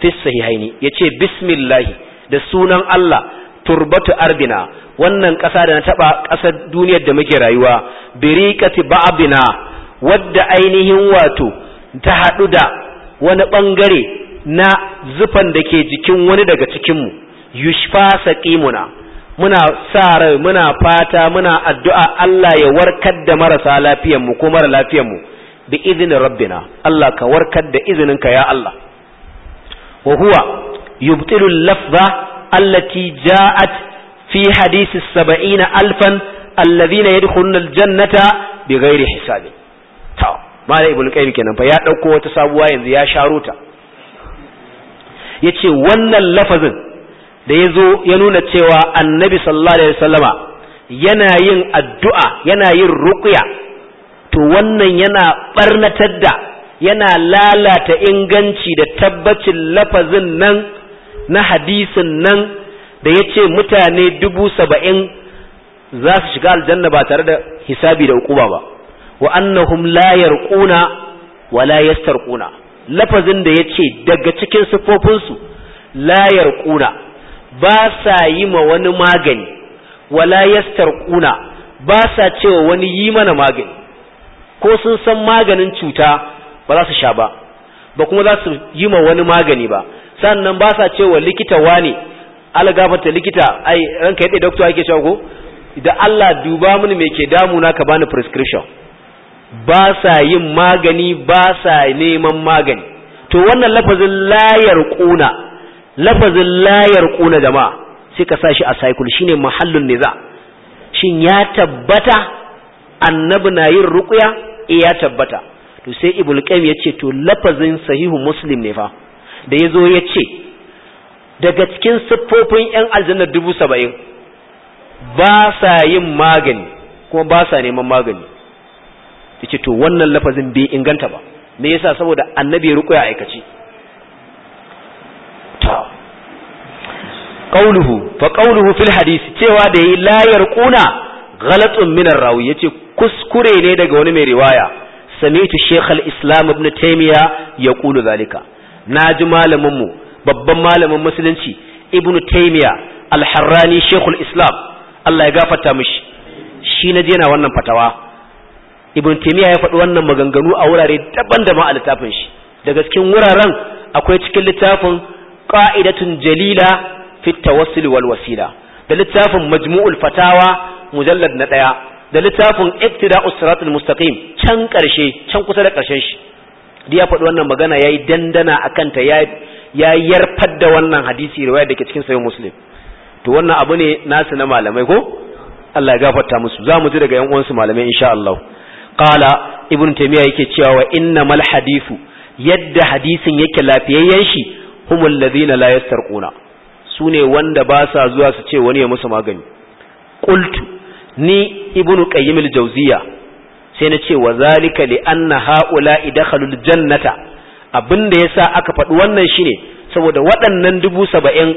fi sahihaini yace bismillah da sunan Allah turbatu ardina wannan ƙasa da na taɓa ƙasar duniyar da muke rayuwa biriqati ba'abina wadda ainihin wato ta haɗu da wani bangare na zufan da ke jikin wani daga cikinmu yushfa saqimuna muna sa rai muna fata muna addu'a Allah ya warkar da marasa lafiyarmu ko mara lafiyarmu bi izinin rabbina Allah ka warkar da izininka ya Allah wa huwa yubtilu lafza allati ja'at fi hadisi sab'ina alfan alladhina yadkhuluna aljannata bighairi hisabi ta mala ibnu qayyim kenan fa ya dauko wata sabuwa yanzu ya sharo Ya yace wannan lafazin da yazo ya nuna cewa annabi sallallahu alaihi wasallama yana yin addu'a yana yin ruqya to wannan yana barnatar da yana lalata inganci da tabbacin lafazin nan na hadisin nan da ya ce mutane dubu saba'in za su shiga aljanna ba tare da hisabi da ukuba ba wa annahum la yarquna wa la yastarquna lafazin da ya ce daga cikin siffofinsu la yarquna ba sa yi ma wani magani wa la yastarquna ba sa cewa wani yi mana magani ko sun san maganin cuta ba za su sha ba ba kuma za su yi ma wani magani ba sannan ba sa cewa likita wane algafata likita ai ranka yadda doctor yake cewa ko da Allah duba mini me ke damu na ka bani prescription ba sa yin magani ba sa neman magani to wannan lafazin layar kuna lafazin layar kuna jama'a sai ka sashi a cycle shine mahallun niza shin ya tabbata annabi na yin ruqya eh ya tabbata to sai ibul qayyim yace to lafazin sahihu muslim ne fa da ya zo ya ce daga cikin siffofin 'yan aljannar dubu saba'in ba sa yin magani kuma ba sa neman magani ta ce to wannan lafazin bai inganta ba me yasa saboda annabi ruku ya aikace ta ƙauluhu fa ƙauluhu fil hadisi cewa da yi layar ƙuna galatsun minar rawu ya ce kuskure ne daga wani mai riwaya samitu shekhal islam ibn taimiyya ya ƙulu zalika na ji malaminmu babban malamin musulunci ibnu taimiya alharrani shekul islam allah ya gafata mishi shi na jena wannan fatawa ibnu taimiya ya faɗi wannan maganganu a wurare daban da ma a littafin shi daga cikin wuraren akwai cikin littafin qa'idatun jalila fi tawassul wal wasila da littafin majmu'ul fatawa mujallad na ɗaya. da littafin iktida'us siratul mustaqim can karshe can kusa da karshen shi duk ya faɗi wannan magana ya yi dandana a kanta ya yarfar da wannan hadisi riwaya da ke cikin sayin muslim to wannan abu ne nasu na malamai ko Allah ya gafarta musu za mu ji daga yan uwansu malamai insha Allah qala ibn taymiya yake cewa wa innamal hadithu yadda hadisin yake lafiyayyen shi humul ladina la yastarquna sune wanda ba sa zuwa su ce wani ya musu magani qultu ni ibnu qayyim al-jawziya sai na ce wa zalika li anna haula idkhalul jannata abinda yasa aka faɗi wannan shine saboda waɗannan dubu saba'in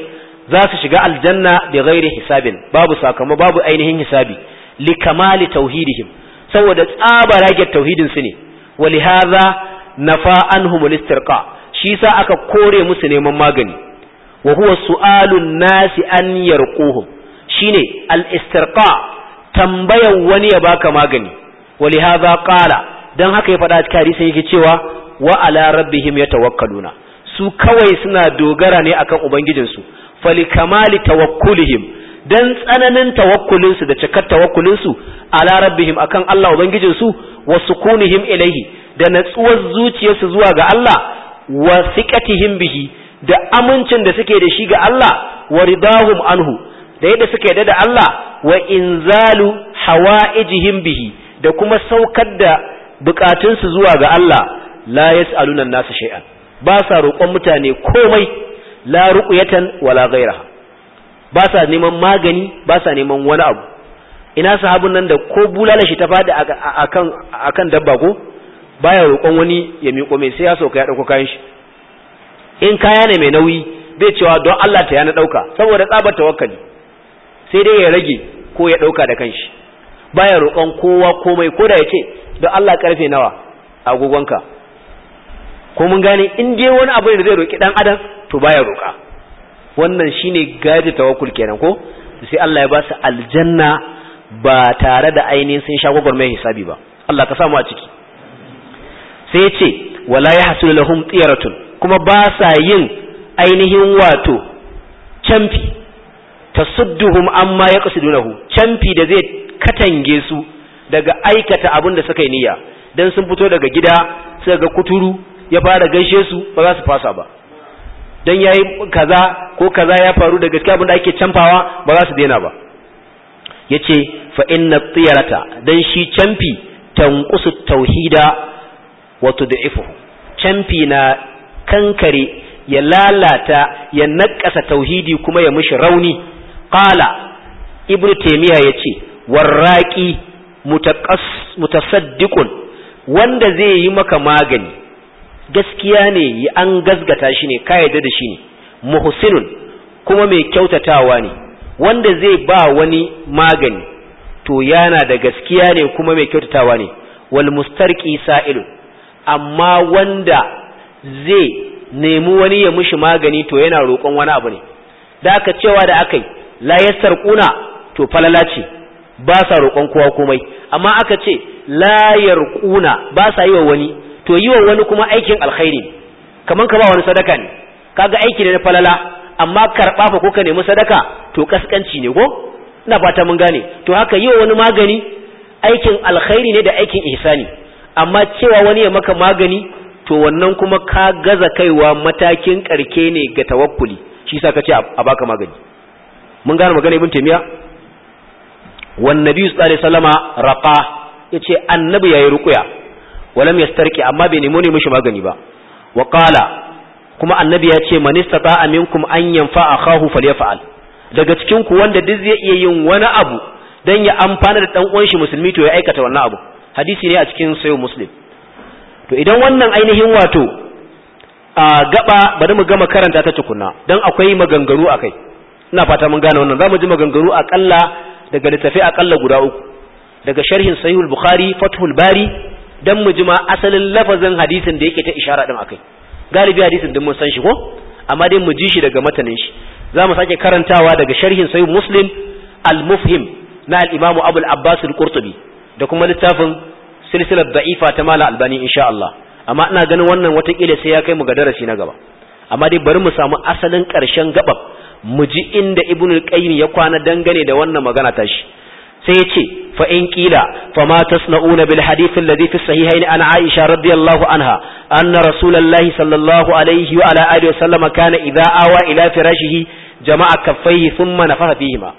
za su shiga aljanna da ghairi hisabin babu sakamo babu ainihin hisabi li kamali tauhidihim saboda tsaba rage tauhidin su ne wa li hadha nafa anhum al shi yasa aka kore musu neman magani wa huwa su'alun nasi an yarquhum shine al-istirqa tambayan wani ya baka magani ولهذا قال dan haka ya fada cikin hadisin yake cewa wa ala rabbihim yatawakkaluna su kawai suna dogara ne akan ubangijinsu falikamali tawakkulihim dan tsananin tawakkulinsu da cikar tawakkulinsu ala rabbihim akan Allah ubangijinsu wa sukunihim ilaihi da natsuwar zuciyarsu zuwa ga Allah wa siqatihim bihi da amincin da suke da shi ga Allah wa ridahum anhu da yadda suke da Allah wa inzalu hawaijihim bihi da kuma saukar da bukatunsu zuwa ga Allah la yas'aluna nasu shay'an ba sa roƙon mutane komai la ruqyatan wala ghayraha ba sa neman magani ba sa neman wani abu ina sahabun nan da ko bulala shi ta fadi akan akan dabba ko baya roƙon wani ya miƙo mai sai ya sauka ya dauko kayan shi in kaya ne mai nauyi bai cewa don Allah ta yana dauka saboda tsabar tawakkali sai dai ya rage ko ya dauka da kanshi baya roƙon kowa komai ko da ya ce don Allah karfe nawa agogonka ko mun gane in dai wani abu da zai roƙi dan adam to baya roƙa wannan shine gaji tawakkul kenan ko sai Allah ya ba su aljanna ba tare da ainihin sun sha gwagwarmayar hisabi ba Allah ka samu a ciki sai ya ce wala ya hasu lahum tsiyaratun kuma ba sa yin ainihin wato camfi tasudduhum amma yaqsidunahu canfi da zai katange su daga aikata abin da suka yi niyya dan sun fito daga gida sai ga kuturu ya fara gaishe su ba za su fasa ba dan yayi kaza ko kaza ya faru daga gaskiya abin da ake canfawa ba za su daina ba yace fa inna tiyarata dan shi canfi tanqusu tauhida wa tud'ifuhu canfi na kankare ya lalata ya nakasa tauhidi kuma ya mishi rauni qala ibnu taymiya yace warraqi mutasaddiqun wanda zai yi maka magani gaskiya ne an gazgata shi ne ka da shi ne muhsinun kuma mai kyautatawa ne wanda zai ba wani magani to yana da gaskiya ne kuma mai kyautatawa ne wal mustarqi sa'ilun amma wanda zai nemi wani ya mushi magani to yana roƙon wani abu ne da aka cewa da akai la ƙuna to falala ce ba sa roƙon kowa komai amma aka ce la yarquna ba sa yi wa wani to yi wa wani kuma aikin alkhairi kaman ka ba wani sadaka ne kaga aiki ne na falala amma karɓa fa ko ka nemi sadaka to kaskanci ne ko ina fata mun gane to haka yi wa wani magani aikin alkhairi ne da aikin ihsani amma cewa wani ya maka magani to wannan kuma ka gaza kaiwa matakin karke ne ga tawakkuli shi sa ka ce a baka magani mun gane magana ibn taymiya wan nabi sallallahu alaihi wasallama raqa yace annabi yayi ruqya walam yastarqi amma bai nemo ne mishi magani ba wa qala kuma annabi ya ce man istata aminkum an yanfa akahu falyaf'al daga cikin ku wanda duk zai iya yin wani abu dan ya amfana da dan uwan shi musulmi to ya aikata wannan abu hadisi ne a cikin sahih muslim to idan wannan ainihin wato a gaba bari mu gama karanta ta tukunna dan akwai maganganu akai ina fata mun gane wannan zamu ji maganganu akalla daga a akalla guda uku daga sharhin sahihul bukhari fathul bari dan mu ji ma asalin lafazin hadisin da yake ta ishara din akai galibi hadisin din mun san shi ko amma dai mu ji shi daga matanin shi zamu sake karantawa daga sharhin sahih muslim al mufhim na al imamu abul abbas al qurtubi da kuma littafin silsilar da'ifa ta mala albani insha Allah amma ina ganin wannan wata kila sai ya kai mu ga darasi na gaba amma dai bari mu samu asalin karshen gabab mu ji inda ibn al-qayyim ya kwana dangane da wannan magana ta shi sai yace fa in qila fa ma tasna'una bil hadith alladhi fi sahihayn an aisha radiyallahu anha anna rasulullahi sallallahu alayhi wa ala alihi wa sallam kana idha awa ila firashihi jama'a kaffayhi thumma nafaha fihima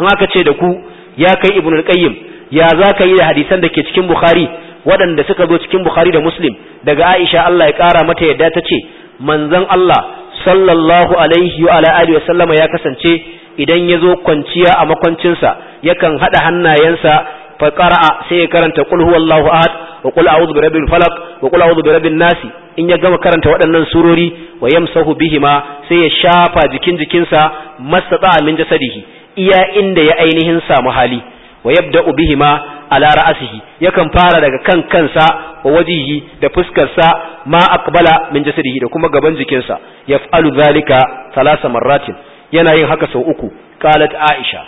in aka ce da ku ya kai ibn al-qayyim ya za ka yi da hadisan da ke cikin bukhari waɗanda suka zo cikin bukhari da muslim daga aisha Allah ya ƙara mata yadda ta ce manzon Allah sallallahu alaihi wa ala alihi ya kasance idan ya zo kwanciya a makwancinsa yakan haɗa hannayensa fa qara'a sai ya karanta qul huwallahu ahad wa qul a'udhu birabbil falaq wa qul a'udhu birabbin nasi in ya gama karanta waɗannan surori wa yamsahu bihima sai ya shafa jikin jikinsa mastata min jasadihi iya inda ya ainihin samu hali wa yabda'u bihima ala ra'sihi yakan fara daga kan kansa wa wajihi da fuskarsa ma aqbala min jasadihi da kuma gaban jikinsa yaf'alu zalika thalatha marratin yana yin haka sau uku qalat aisha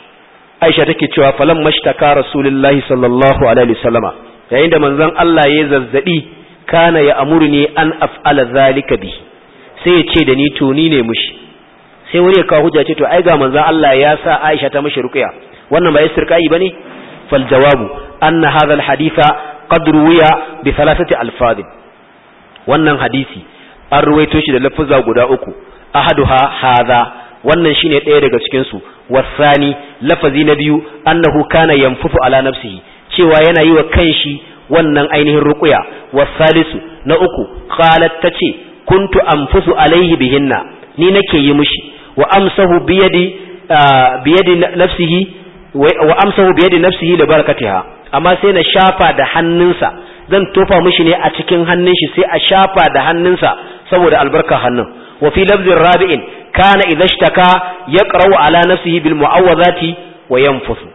aisha take cewa falam mashtaka rasulullahi sallallahu alaihi wasallama yayin da manzon Allah ya zazzabi kana ya amurni an af'ala zalika bi sai ya ce da ni to ni ne mushi sai wani ya kawo hujja ce to ai ga manzon Allah ya sa aisha ta mashi ruqya wannan ba istirqai bane fal jawabu anna hadha alhaditha qad ruwiya bi thalathati wannan hadisi an ruwaito shi da lafuzza guda uku ahaduha hadha wannan shine ɗaya daga cikin su wasani lafazi na biyu annahu kana yanfufu ala nafsihi cewa yana yi wa kanshi wannan ainihin ruqya wasalisu na uku qalat tace kuntu anfusu alaihi bihinna ni nake yi mushi wa amsahu biyadi ah, biyadi nafsihi wa amsahu biyadi nafsihi li barakatiha amma sai na shafa da hannunsa zan tofa mishi ne a cikin hannun shi sai a shafa da hannunsa saboda albarka hannun wa fi lafzin rabi'in kana idza ya yaqra'u ala nafsihi bil mu'awwadhati wa yanfusu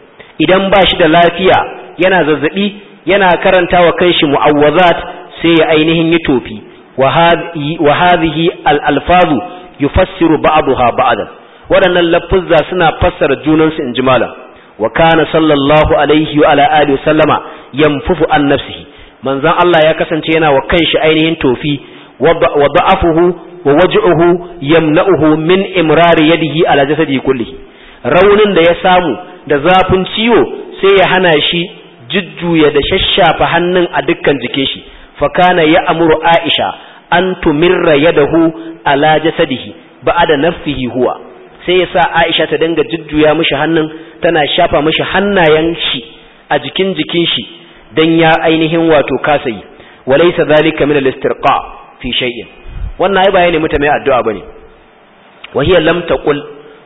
idan ba shi da lafiya yana zazzaɓi yana karanta wa kanshi mu'awwazat sai ya ainihin yi tofi wa hadhihi al alfazu yufassiru ba'daha ba'dan waɗannan lafuzza suna fassara junansu in malam. wa kana sallallahu alaihi wa ala sallama yanfufu an nafsihi manzon Allah ya kasance yana wa kanshi ainihin tofi wa da'afuhu wa waj'uhu yamna'uhu min imrari yadihi ala jasadi kulli raunin da ya samu da zafin ciwo sai ya hana shi jujjuya da shashafa hannun a dukkan jikin shi fa kana ya amuru Aisha an tumirra yadahu ala jasadihi ba'ada nafsihi huwa sai ya sa Aisha ta dinga jujjuya mishi hannun tana shafa mishi hannayen shi a jikin jikin shi dan ya ainihin wato kasayi walaysa zalika min al-istirqa fi shay'in wannan ai bayani mutum mai addu'a bane wa hiya lam taqul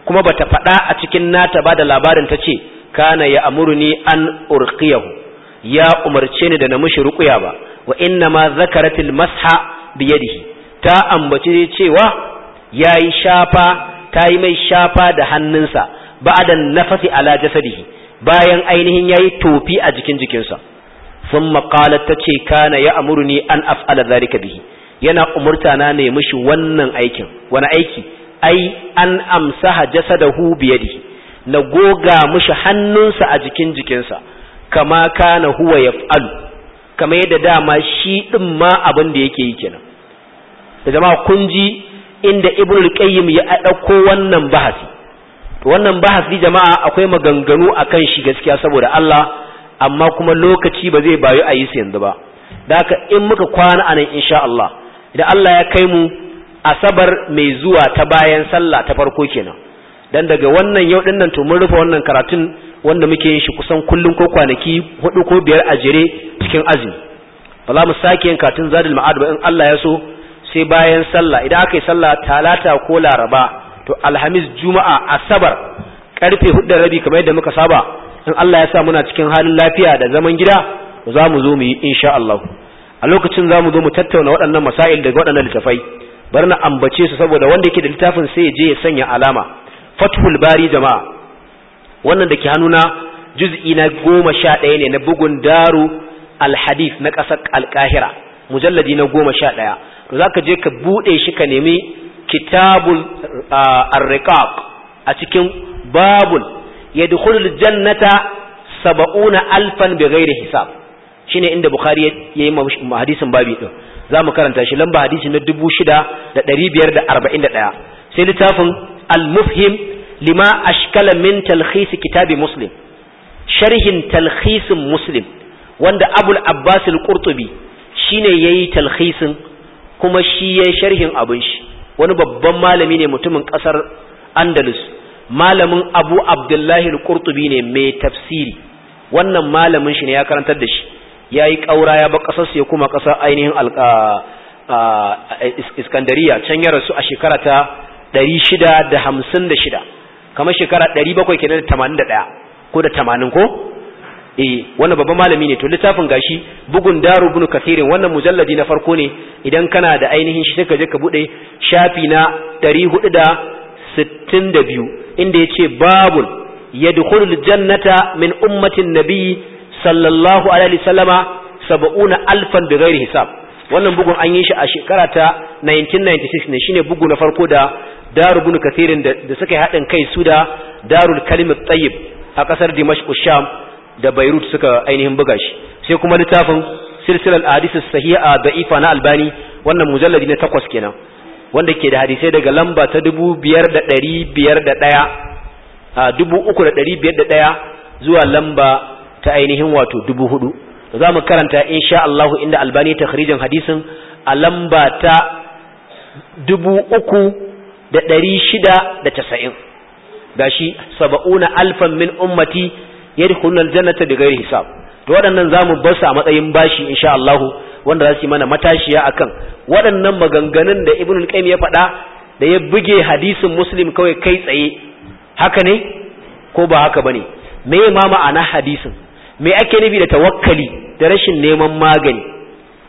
kuma bata faɗa a cikin nata ba da labarin ta ce kana ya amurni an urqiyahu ya umarce ni da na mushi ruqya ba wa inna ma zakaratil masha biyadihi ta ambaci cewa yayi shafa ta yi mai shafa da hannunsa ba'adan nafasi ala jasadihi bayan ainihin yayi tofi a jikin jikinsa thumma qalat ce kana ya amurni an af'ala zalika bihi yana umurta na ne mishi wannan aikin wani aiki ai an amsaha jasadahu biyadihi na goga mishi hannunsa a jikin jikinsa kama kana huwa yaf'alu kama yadda dama shi din ma abin da yake yi kenan da jama'a kun ji inda ibn al-qayyim ya dauko wannan bahasi to wannan bahasi jama'a akwai maganganu akan shi gaskiya saboda Allah amma kuma lokaci ba zai bayu a yi sai yanzu ba da haka in muka kwana anan insha Allah idan Allah ya kai mu asabar mai zuwa ta bayan sallah ta farko kenan dan daga wannan yau din nan to mun rufe wannan karatun wanda muke yin shi kusan kullun ko kwanaki hudu ko biyar a jere cikin azumi ba za mu sake yin katun zadul ma'ad ba in Allah ya so sai bayan sallah idan aka yi sallah talata ko laraba to alhamis juma'a asabar karfe hudu rabi kamar yadda muka saba in Allah ya sa muna cikin halin lafiya da zaman gida za mu zo mu yi insha Allah a lokacin za mu zo mu tattauna waɗannan masail daga waɗannan littafai bari na ambace su saboda wanda yake da littafin sai ya je ya sanya alama fathul bari jama'a wannan da ke hannuna juz'i na goma sha ɗaya ne na bugun daru alhadif na ƙasar alƙahira mujalladi na goma sha ɗaya za ka je ka bude shi ka nemi kitabul arriqaq a cikin babul yadkhulul jannata saba'una alfan bighairi hisab shine inda bukhari yayi hadisin babi za zamu karanta shi lamba hadisi na 6541 sai littafin al-mufhim lima ashkala min talkhis kitabi muslim sharhin talhisin muslim wanda abul abbas al-qurtubi shine yayi talhisin. kuma shi ya sharhin abin shi wani babban malami ne mutumin kasar andalus malamin abu abdullahi al-qurtubi ne mai tafsiri wannan malamin shi ne ya karantar da shi yayi yi ƙaura ya ba kasar ya kuma kasar ainihin iskandariya can ya rasu a shekara ta 656 kamar shekara 700 81 ko da 80 ko eh wannan babban malami ne to littafin gashi bugun daru ibn kathirin wannan mujalladi na farko ne idan kana da ainihin shi ka je ka bude shafi na 462 inda yace babul yadkhulu jannata min ummatin nabi sallallahu alaihi wasallama 70 alfan bighairi hisab wannan bugun an yi shi a shekara ta 1996 ne shine bugu na farko da daru ibn kathirin da suka yi hadin kai su da darul kalimat tayyib a kasar dimashq sham da Beirut suka ainihin buga shi sai kuma littafin silsilar hadisi sahiha da'ifa na albani wannan mujalladi na takwas kenan wanda ke da hadisai daga lamba ta dubu biyar zuwa lamba ta ainihin wato dubu hudu za mu karanta insha Allah inda albani ta kharijin hadisin a lamba ta dubu da gashi saba'una alfan min ummati yadkhuluna aljannata bighairi hisab to waɗannan zamu bar su a matsayin bashi insha Allah wanda za su yi mana matashiya akan waɗannan maganganun da Ibn al-Qayyim ya faɗa da ya buge hadisin Muslim kawai kai tsaye haka ne ko ba haka bane me ma ma'ana hadisin me ake nufi da tawakkali da rashin neman magani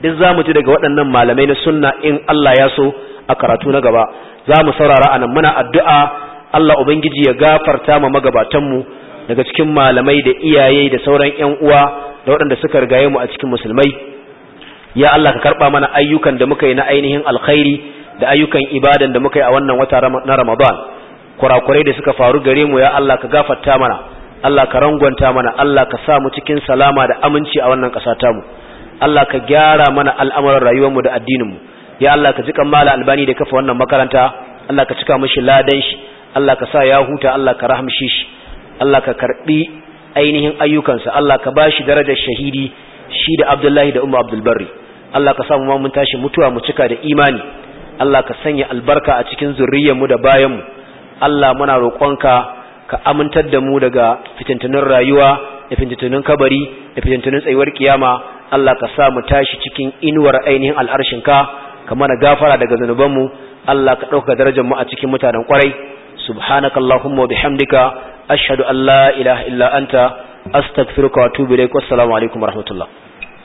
duk zamu ji daga waɗannan malamai na sunna in Allah ya so a karatu na gaba za mu saurara anan muna addu'a Allah Ubangiji ya gafarta ma magabatanmu daga cikin malamai da iyaye da sauran yan uwa da waɗanda suka rigaye mu a cikin musulmai ya Allah ka karba mana ayyukan da muka yi na ainihin alkhairi da ayyukan ibadan da muka yi a wannan wata na Ramadan kurakurai da suka faru gare mu ya Allah ka gafarta mana Allah ka rangwanta mana Allah ka sa mu cikin salama da aminci a wannan ƙasa tamu Allah ka gyara mana al'amuran rayuwarmu da addininmu ya Allah ka jikan mala albani da kafa wannan makaranta Allah ka cika mishi ladan shi Allah ka sa ya huta Allah ka rahamshe shi Allah ka karbi ainihin ayyukansa Allah ka bashi darajar shahidi shi da Abdullahi da Umma Abdul Barri Allah ka samu mu mun tashi mutuwa mu cika da imani Allah ka sanya albarka a cikin zurriyar mu da bayan mu Allah muna roƙonka ka amintar da mu daga fitintunin rayuwa da fitintunin kabari da fitintunin tsayuwar kiyama Allah ka sa mu tashi cikin inuwar ainihin al'arshinka ka mana gafara daga zanubanmu Allah ka ɗauka darajar mu a cikin mutanen kwarai. subhanaka allahumma wa bihamdika hamdika ashadu la ilaha illa anta astaghfiruka wa atubu ilaik wassalamu alaikum warahmatullahi